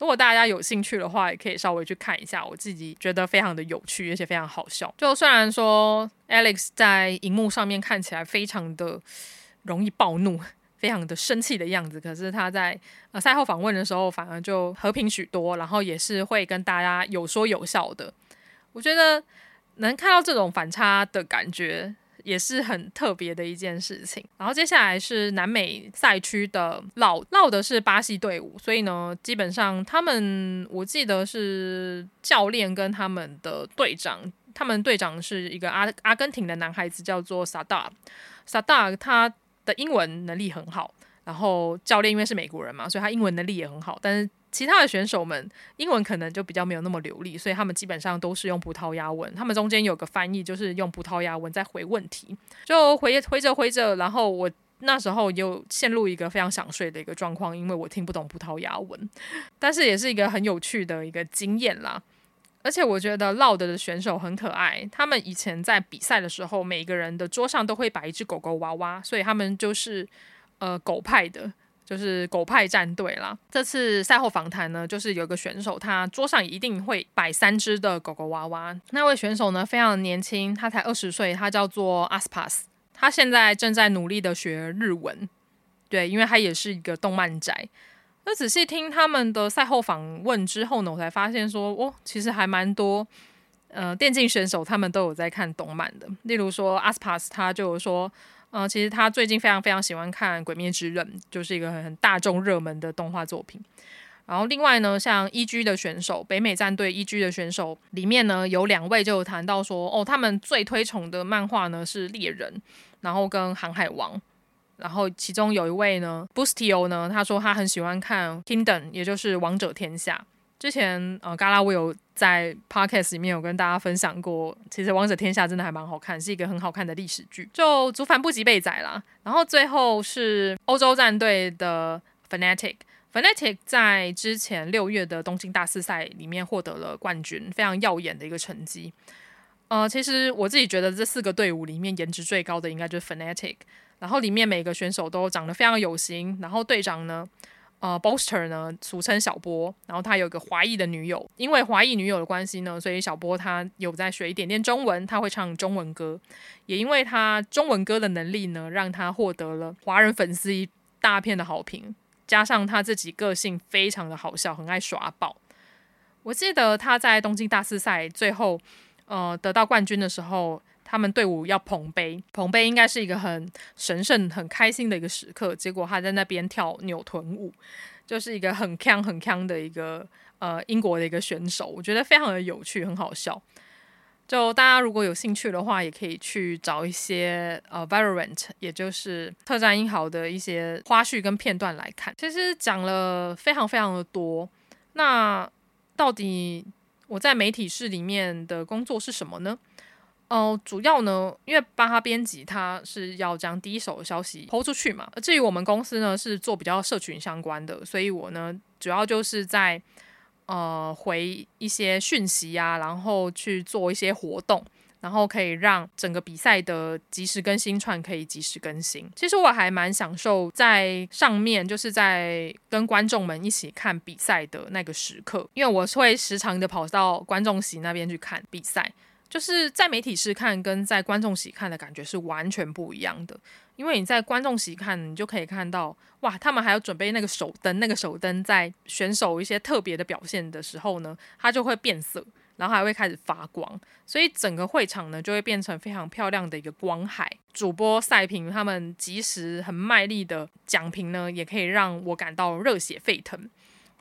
如果大家有興趣的話，也可以稍微去看一下。我自己覺得非常的有趣，而且非常好笑。就雖然說 Alex 在熒幕上面看起來非常的容易暴怒，非常的生氣的樣子，可是他在賽後訪問的時候，反而就和平許多，然後也是會跟大家有說有笑的。我覺得能看到這種反差的感覺，也是很特別的一件事情。然後接下來是南美賽區的老老的是巴西隊伍，所以呢，基本上他們我記得是教練跟他們的隊長，他們隊長是一個阿阿根廷的男孩子，叫做 Sada。Sada 他的英文能力很好，然後教練因為是美國人嘛，所以他英文能力也很好，但是。其他的選手們英文可能就比較沒有那麼流利，所以他們基本上都是用葡萄牙文。他們中間有個翻譯，就是用葡萄牙文在回問題，就回回着回着，然後我那時候又陷入一個非常想睡的一個狀況，因為我聽不懂葡萄牙文，但是也是一個很有趣的一個經驗啦。而且我覺得 LOUD 的選手很可愛，他們以前在比賽的時候，每個人的桌上都會擺一隻狗狗娃娃，所以他們就是呃狗派的。就是狗派戰隊啦。這次賽後訪談呢，就是有個選手，他桌上一定會擺三隻的狗狗娃娃。那位選手呢，非常年輕，他才二十歲，他叫做 Aspas，他現在正在努力地學日文。對，因為他也是一個動漫宅。那仔細聽他們的賽後訪問之後呢，我才發現說，哦，其實還蠻多，呃，電競選手他們都有在看動漫的。例如說 Aspas，他就說。嗯、呃，其實他最近非常非常喜歡看《鬼滅之刃》，就是一個很大眾熱門的動畫作品。然後另外呢，像 E.G. 的選手，北美戰隊 E.G. 的選手裡面呢，有兩位就有談到說，哦，他們最推崇的漫畫呢是《獵人》，然後跟《航海王》。然後其中有一位呢，Boostio 呢，他說他很喜歡看《Kingdom》，也就是《王者天下》。之前呃，嘎拉我有在 Podcast 裡面有跟大家分享過，其實《王者天下》真的還蠻好看，是一個很好看的歷史劇。就祖反不及被宰啦，然後最後是歐洲戰隊的 Fnatic。Fnatic 在之前六月的東京大師賽裡面獲得了冠軍，非常耀眼的一個成績。呃，其實我自己覺得這四個隊伍裡面顏值最高的應該就是 Fnatic，然後裡面每個選手都長得非常有型，然後隊長呢。呃 Boaster 呢，俗稱小波，然後他有一個華裔的女友，因為華裔女友的關係呢，所以小波他有在學一點點中文，他會唱中文歌，也因為他中文歌的能力呢，讓他獲得了華人粉絲一大片的好評，加上他自己個性非常的好笑，很愛耍寶，我記得他在東京大師賽最後，呃，得到冠軍的時候。他們隊伍要捧杯，捧杯應該是一個很神聖、很開心的一個時刻。結果他在那邊跳扭臀舞，就是一個很強很強的一個呃英國的一個選手，我覺得非常的有趣，很好笑。就大家如果有興趣的話，也可以去找一些呃《Valorant》，也就是特戰英豪的一些花絮跟片段來看。其實講了非常非常的多。那到底我在媒體室裡面的工作是什麼呢？哦、呃，主要呢，因為巴哈編輯，他是要將第一手的消息拋出去嘛。而至於我們公司呢，是做比較社群相關的，所以我呢，主要就是在呃回一些訊息啊，然後去做一些活動，然後可以讓整個比賽的即時更新串可以即時更新。其實我還蠻享受在上面，就是在跟觀眾們一起看比賽的那個時刻，因為我會時常的跑到觀眾席那邊去看比賽。就是在媒體室看跟在觀眾席看的感覺是完全不一樣的，因為你在觀眾席看，你就可以看到哇，他們還要準備那個手燈，那個手燈在選手一些特別的表現的時候呢，它就會變色，然後還會開始發光，所以整個會場呢就會變成非常漂亮的一個光海。主播賽評他們即時很賣力的講評呢，也可以讓我感到熱血沸騰。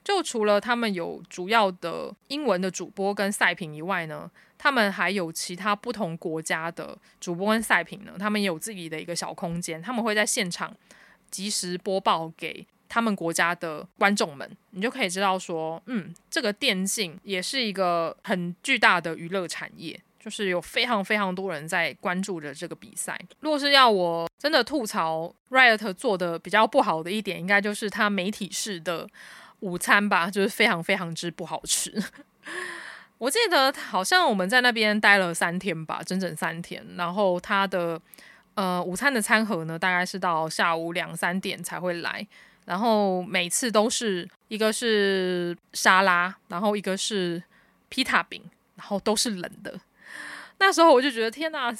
就除了他們有主要的英文的主播跟賽評以外呢，他們還有其他不同國家的主播跟賽評呢。他們也有自己的一個小空間，他們會在現場即時播報給他們國家的觀眾們，你就可以知道說，嗯，這個電競也是一個很巨大的娛樂產業，就是有非常非常多人在關注着這個比賽。如果是要我真的吐槽 Riot 做的比較不好的一點，應該就是它媒體室的。午餐吧，就是非常非常之不好吃。 [LAUGHS] 我記得好像我們在那邊待了三天吧，整整三天。然後他的呃午餐的餐盒呢，大概是到下午兩三點才會來。然後每次都是一個是沙拉，然後一個是披薩餅，然後都是冷的。那時候我就覺得天哪！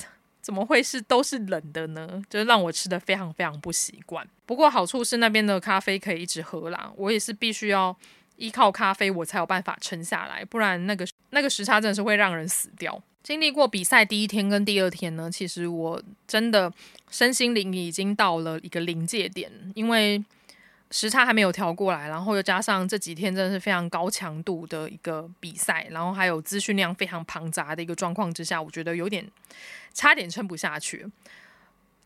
怎麼會是都是冷的呢？就是讓我吃得非常非常不習慣。不過好處是那邊的咖啡可以一直喝啦。我也是必須要依靠咖啡，我才有辦法撐下來。不然那個那個時差真的是會讓人死掉。經歷過比賽第一天跟第二天呢，其實我真的身心靈已經到了一個臨界點，因為時差還沒有調過來，然後又加上這幾天真的是非常高強度的一個比賽，然後還有資訊量非常龐雜的一個狀況之下，我覺得有點。差點撐不下去，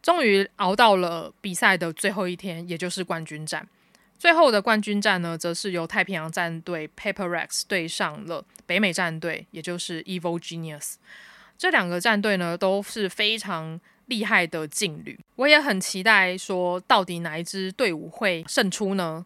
終於熬到了比賽的最後一天，也就是冠軍戰。最後的冠軍戰呢，則是由太平洋戰隊 Paper Rex 對上了北美戰隊，也就是 Evil Genius。這兩個戰隊呢都是非常厲害的勁旅，我也很期待說，到底哪一支隊伍會勝出呢？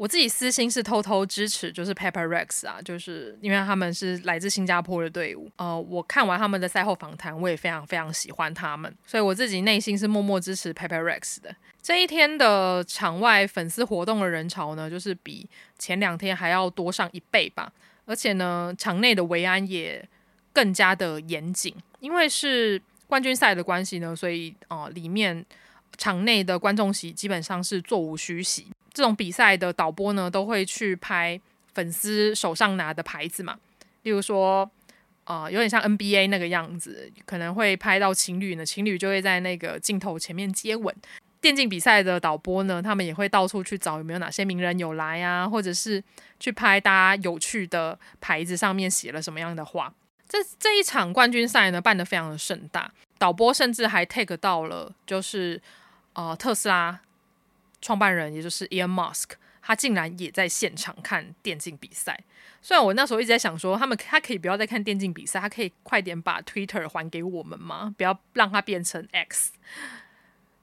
我自己私心是偷偷支持，就是 Paper Rex 啊，就是因為他們是來自新加坡的隊伍。呃，我看完他們的賽後訪談，我也非常非常喜歡他們，所以我自己內心是默默支持 Paper Rex 的。這一天的場外粉絲活動的人潮呢，就是比前兩天還要多上一倍吧。而且呢，場內的維安也更加的嚴謹，因為是冠軍賽的關係呢，所以哦、呃，裡面場內的觀眾席基本上是座無虛席。這種比賽的導播呢，都會去拍粉絲手上拿的牌子嘛，例如說，啊、呃，有點像 NBA 那個樣子，可能會拍到情侶呢，情侶就會在那個鏡頭前面接吻。電競比賽的導播呢，他們也會到處去找有沒有哪些名人有來啊，或者是去拍大家有趣的牌子上面寫了什麼樣的話。這這一場冠軍賽呢，辦得非常的盛大，導播甚至還 take 到了，就是啊、呃，特斯拉。創辦人也就是 Elon Musk，他竟然也在現場看電競比賽。雖然我那時候一直在想說，他們他可以不要再看電競比賽，他可以快點把 Twitter 還給我們嗎？不要讓它變成 X。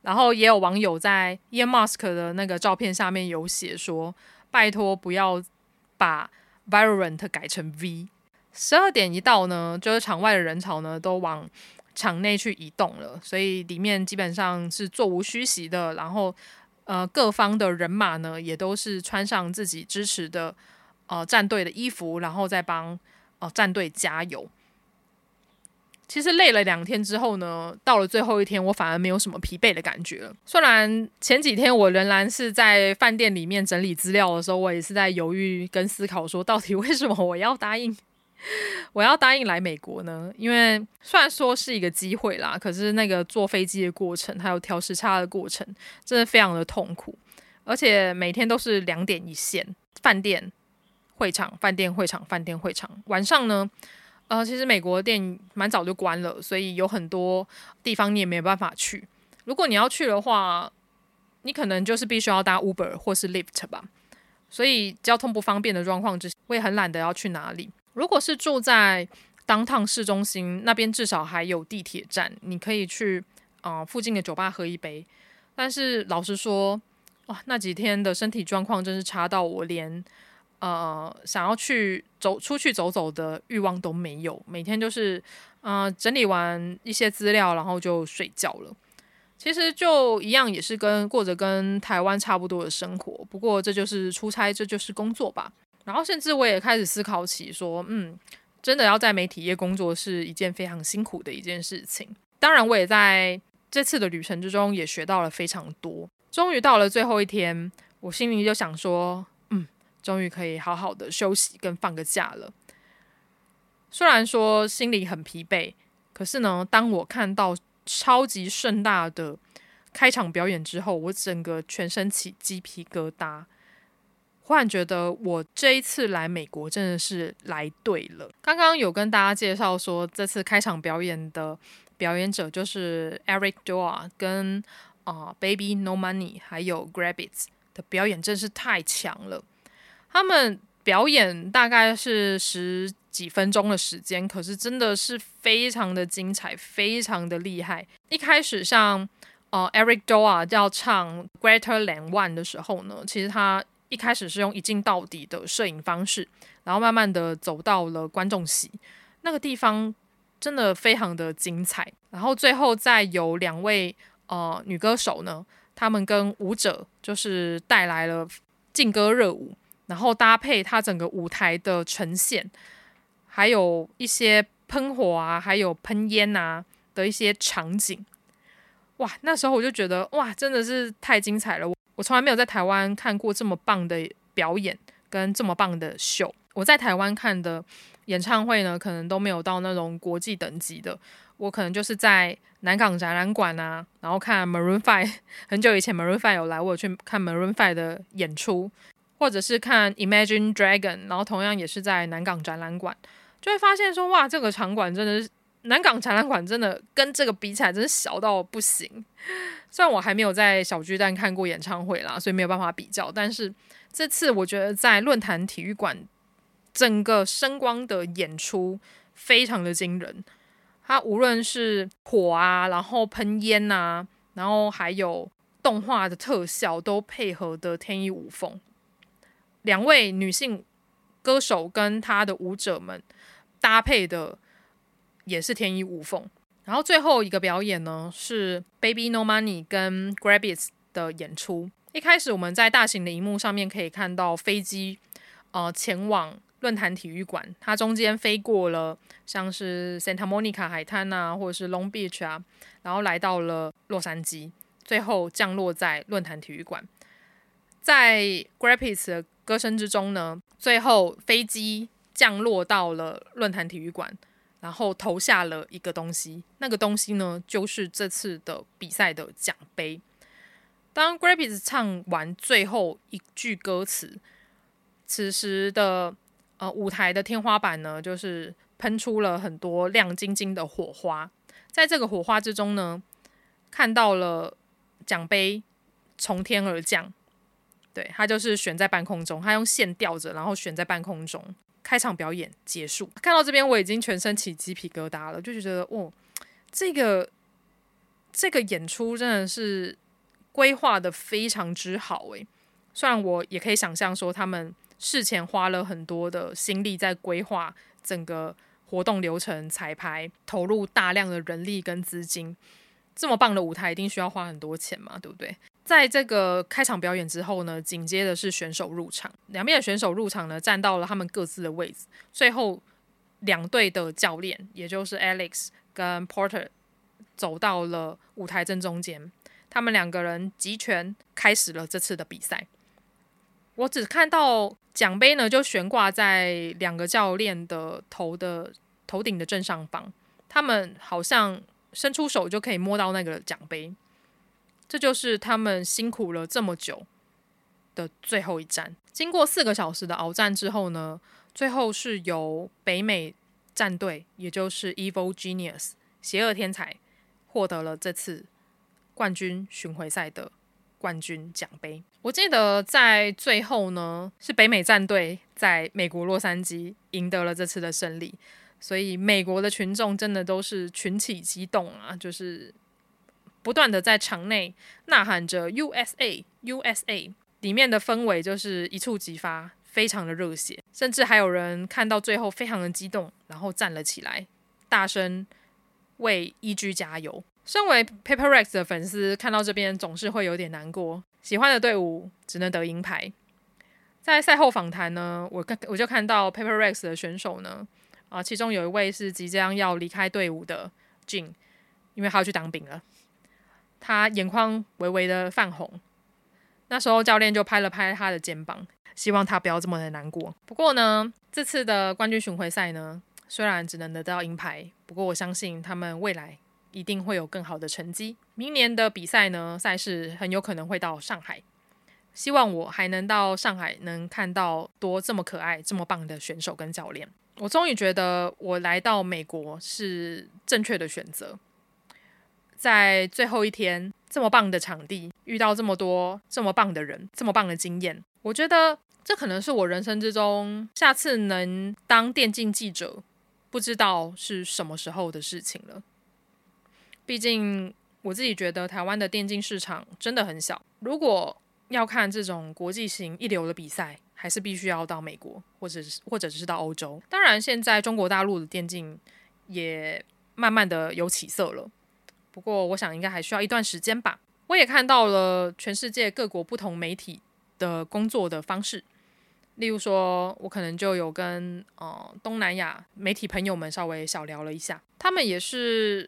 然後也有網友在 Elon Musk 的那個照片下面有寫說：“拜托，不要把 Valorant 改成 V。”十二點一到呢，就是場外的人潮呢都往場內去移動了，所以裡面基本上是座無虛席的。然後。呃，各方的人馬呢，也都是穿上自己支持的呃戰隊的衣服，然後再幫哦、呃、戰隊加油。其實累了兩天之後呢，到了最後一天，我反而沒有什麼疲憊的感覺了。雖然前幾天我仍然是在飯店裡面整理資料的時候，我也是在猶豫跟思考，說到底為什麼我要答應。我要答應來美國呢，因為雖然說是一個機會啦，可是那個坐飛機的過程，還有調時差的過程，真的非常的痛苦。而且每天都是兩點一線，飯店、會場、飯店、會場、飯店、會場。晚上呢，呃，其實美國的店蠻早就關了，所以有很多地方你也沒辦法去。如果你要去的話，你可能就是必須要搭 Uber 或是 Lyft 吧。所以交通不方便的狀況之下，我也很懶得要去哪裡。如果是住在當趟 ow 市中心那邊，至少還有地鐵站，你可以去啊、呃、附近的酒吧喝一杯。但是老實說，哇，那幾天的身體狀況真是差到我連呃想要去走出去走走的慾望都沒有，每天就是啊、呃、整理完一些資料，然後就睡覺了。其實就一樣，也是跟過着跟台灣差不多的生活。不過這就是出差，這就是工作吧。然後，甚至我也開始思考起說，嗯，真的要在媒體業工作是一件非常辛苦的一件事情。當然，我也在這次的旅程之中也學到了非常多。終於到了最後一天，我心裡就想說，嗯，終於可以好好的休息跟放個假了。雖然說心裡很疲憊，可是呢，當我看到超級盛大的開場表演之後，我整個全身起雞皮疙瘩。忽然覺得我這一次來美國真的是來對了。剛剛有跟大家介紹說，這次開場表演的表演者就是 Eric Doa、er、跟啊、呃、Baby No Money，還有 Grabbitz 的表演真的是太強了。他們表演大概是十幾分鐘的時間，可是真的是非常的精彩，非常的厲害。一開始像啊、呃、Eric Doa、er、要唱 Greater Than One 的時候呢，其實他一開始是用一鏡到底的攝影方式，然後慢慢的走到了觀眾席，那個地方真的非常的精彩。然後最後再有兩位呃女歌手呢，他們跟舞者就是帶來了勁歌熱舞，然後搭配她整個舞台的呈現，還有一些噴火啊，還有噴煙啊的一些場景，哇，那時候我就覺得哇，真的是太精彩了。我從來沒有在台灣看過這麼棒的表演跟這麼棒的秀。我在台灣看的演唱會呢，可能都沒有到那種國際等級的。我可能就是在南港展覽館吶、啊，然後看 Maroon Five，很久以前 Maroon Five 有來，我有去看 Maroon Five 的演出，或者是看 Imagine Dragon，然後同樣也是在南港展覽館，就會發現說哇，這個場館真的是，南港展覽館真的跟這個比起來，真是小到不行。雖然我還沒有在小巨蛋看過演唱會啦，所以沒有辦法比較。但是這次我覺得在論壇體育館，整個聲光的演出非常的驚人。它無論是火啊，然後噴煙啊，然後還有動畫的特效，都配合的天衣無縫。兩位女性歌手跟她的舞者們搭配的也是天衣無縫。然後最後一個表演呢是 Baby No Money 跟 Grabbitz 的演出。一開始我們在大型的熒幕上面可以看到飛機，呃，前往論壇體育館。它中間飛過了像是 Santa Monica 海灘啊，或者是 Long Beach 啊，然後來到了洛杉磯，最後降落在論壇體育館。在 Grabbitz 的歌聲之中呢，最後飛機降落到了論壇體育館。然後投下了一個東西，那個東西呢，就是這次的比賽的獎杯。當 Grabbitz 唱完最後一句歌詞，此時的呃舞台的天花板呢，就是噴出了很多亮晶晶的火花，在這個火花之中呢，看到了獎杯從天而降，對，他就是懸在半空中，他用線吊着，然後懸在半空中。開場表演結束，看到這邊我已經全身起雞皮疙瘩了，就覺得哦，這個這個演出真的是規劃得非常之好誒。雖然我也可以想象說他們事前花了很多的心力在規劃整個活動流程、彩排，投入大量的人力跟資金，這麼棒的舞台一定需要花很多錢嘛，對不對？在這個開場表演之後呢，緊接着是選手入場。兩邊的選手入場呢，站到了他們各自的位置。最後，兩隊的教練，也就是 Alex 跟 Porter，走到了舞台正中間。他們兩個人擊拳開始了這次的比賽。我只看到獎杯呢，就懸掛在兩個教練的頭的頭頂的正上方。他們好像伸出手就可以摸到那個獎杯。這就是他們辛苦了這麼久的最後一戰。經過四個小時的鏖戰之後呢，最後是由北美戰隊，也就是 Evil Genius（ 邪惡天才）獲得了這次冠軍巡回賽的冠軍獎盃。我記得在最後呢，是北美戰隊在美國洛杉磯贏得了這次的勝利，所以美國的群眾真的都是群起激動啊，就是。不斷的在場內吶喊着 USA, USA USA，裡面的氛圍就是一觸即發，非常的熱血，甚至還有人看到最後非常的激動，然後站了起來，大聲為 EG 加油。身為 Paper Rex 的粉絲，看到這邊總是會有點難過，喜歡的隊伍只能得銀牌。在賽後訪談呢，我看我就看到 Paper Rex 的選手呢，啊，其中有一位是即將要離開隊伍的 Jin，因為他要去當兵了。他眼眶微微的泛紅，那時候教練就拍了拍他的肩膀，希望他不要這麼的難過。不過呢，這次的冠軍巡迴賽呢，雖然只能得到銀牌，不過我相信他們未來一定會有更好的成績。明年的比賽呢，賽事很有可能會到上海，希望我還能到上海能看到多這麼可愛、這麼棒的選手跟教練。我終於覺得我來到美國是正確的選擇。在最後一天，這麼棒的場地，遇到這麼多這麼棒的人，這麼棒的經驗，我覺得這可能是我人生之中，下次能當電競記者，不知道是什麼時候的事情了。畢竟我自己覺得台灣的電競市場真的很小，如果要看這種國際型一流的比賽，還是必須要到美國，或者是或者是到歐洲。當然，現在中國大陸的電競也慢慢的有起色了。不過，我想應該還需要一段時間吧。我也看到了全世界各國不同媒體的工作的方式，例如說，我可能就有跟呃東南亞媒體朋友們稍微小聊了一下，他們也是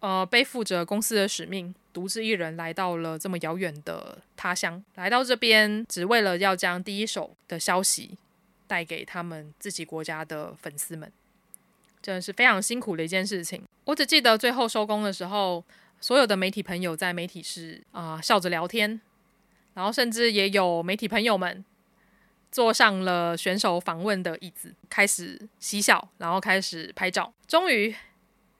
呃背負着公司的使命，獨自一人來到了這麼遙遠的他鄉，來到這邊只為了要將第一手的消息帶給他們自己國家的粉絲們。真的是非常辛苦的一件事情。我只記得最後收工的時候，所有的媒體朋友在媒體室啊、呃、笑着聊天，然後甚至也有媒體朋友們坐上了選手訪問的椅子，開始嬉笑，然後開始拍照。終於，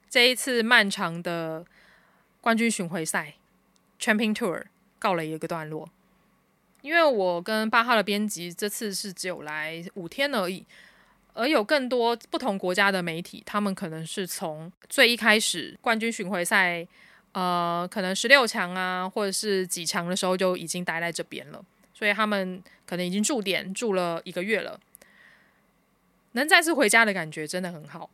這一次漫長的冠軍巡迴賽 （Champion Tour） 告了一個段落。因為我跟巴哈的編輯這次是只有來五天而已。而有更多不同國家的媒體，他們可能是從最一開始冠軍巡迴賽，呃，可能十六強啊，或者是幾強的時候就已經待在這邊了，所以他們可能已經駐點住了一個月了，能再次回家的感覺真的很好。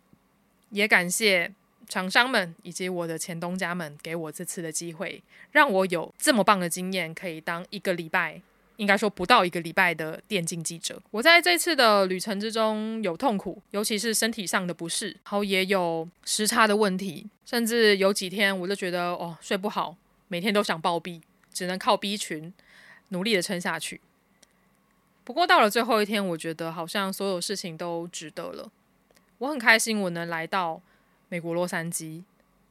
也感謝廠商們以及我的前東家們給我這次的機會，讓我有這麼棒的經驗，可以當一個禮拜。應該說不到一個禮拜的電競記者，我在這次的旅程之中有痛苦，尤其是身體上的不適，然後也有時差的問題，甚至有幾天我就覺得哦，睡不好，每天都想暴斃，只能靠 B 群努力地撐下去。不過到了最後一天，我覺得好像所有事情都值得了。我很開心我能來到美國洛杉磯，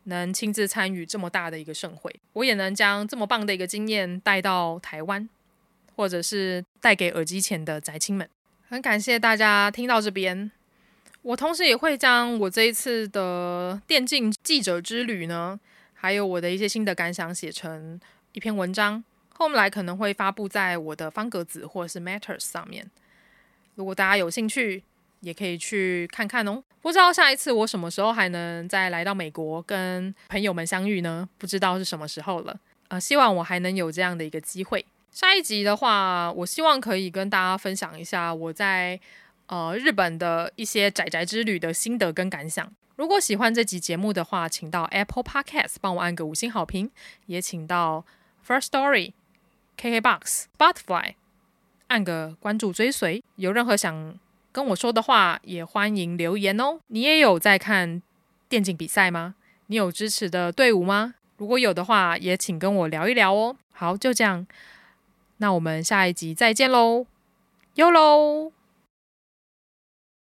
能親自參與這麼大的一個盛會，我也能將這麼棒的一個經驗帶到台灣。或者是帶給耳機前的宅親們，很感謝大家聽到這邊。我同時也會將我這一次的電競記者之旅呢，還有我的一些新的感想寫成一篇文章，後來可能會發布在我的方格子或者是 Matters 上面。如果大家有興趣，也可以去看看哦。不知道下一次我什麼時候還能再來到美國跟朋友們相遇呢？不知道是什麼時候了。呃，希望我還能有這樣的一個機會。下一集的話，我希望可以跟大家分享一下我在呃日本的一些宅宅之旅的心得跟感想。如果喜歡這集節目的話，請到 Apple Podcast 幫我按個五星好評，也請到 Firstory、KK Box、Spotify 按個關注追隨。有任何想跟我說的話，也歡迎留言哦。你也有在看電競比賽嗎？你有支持的隊伍嗎？如果有的話，也請跟我聊一聊哦。好，就這樣。那我們下一集再見嘍，喲嘍。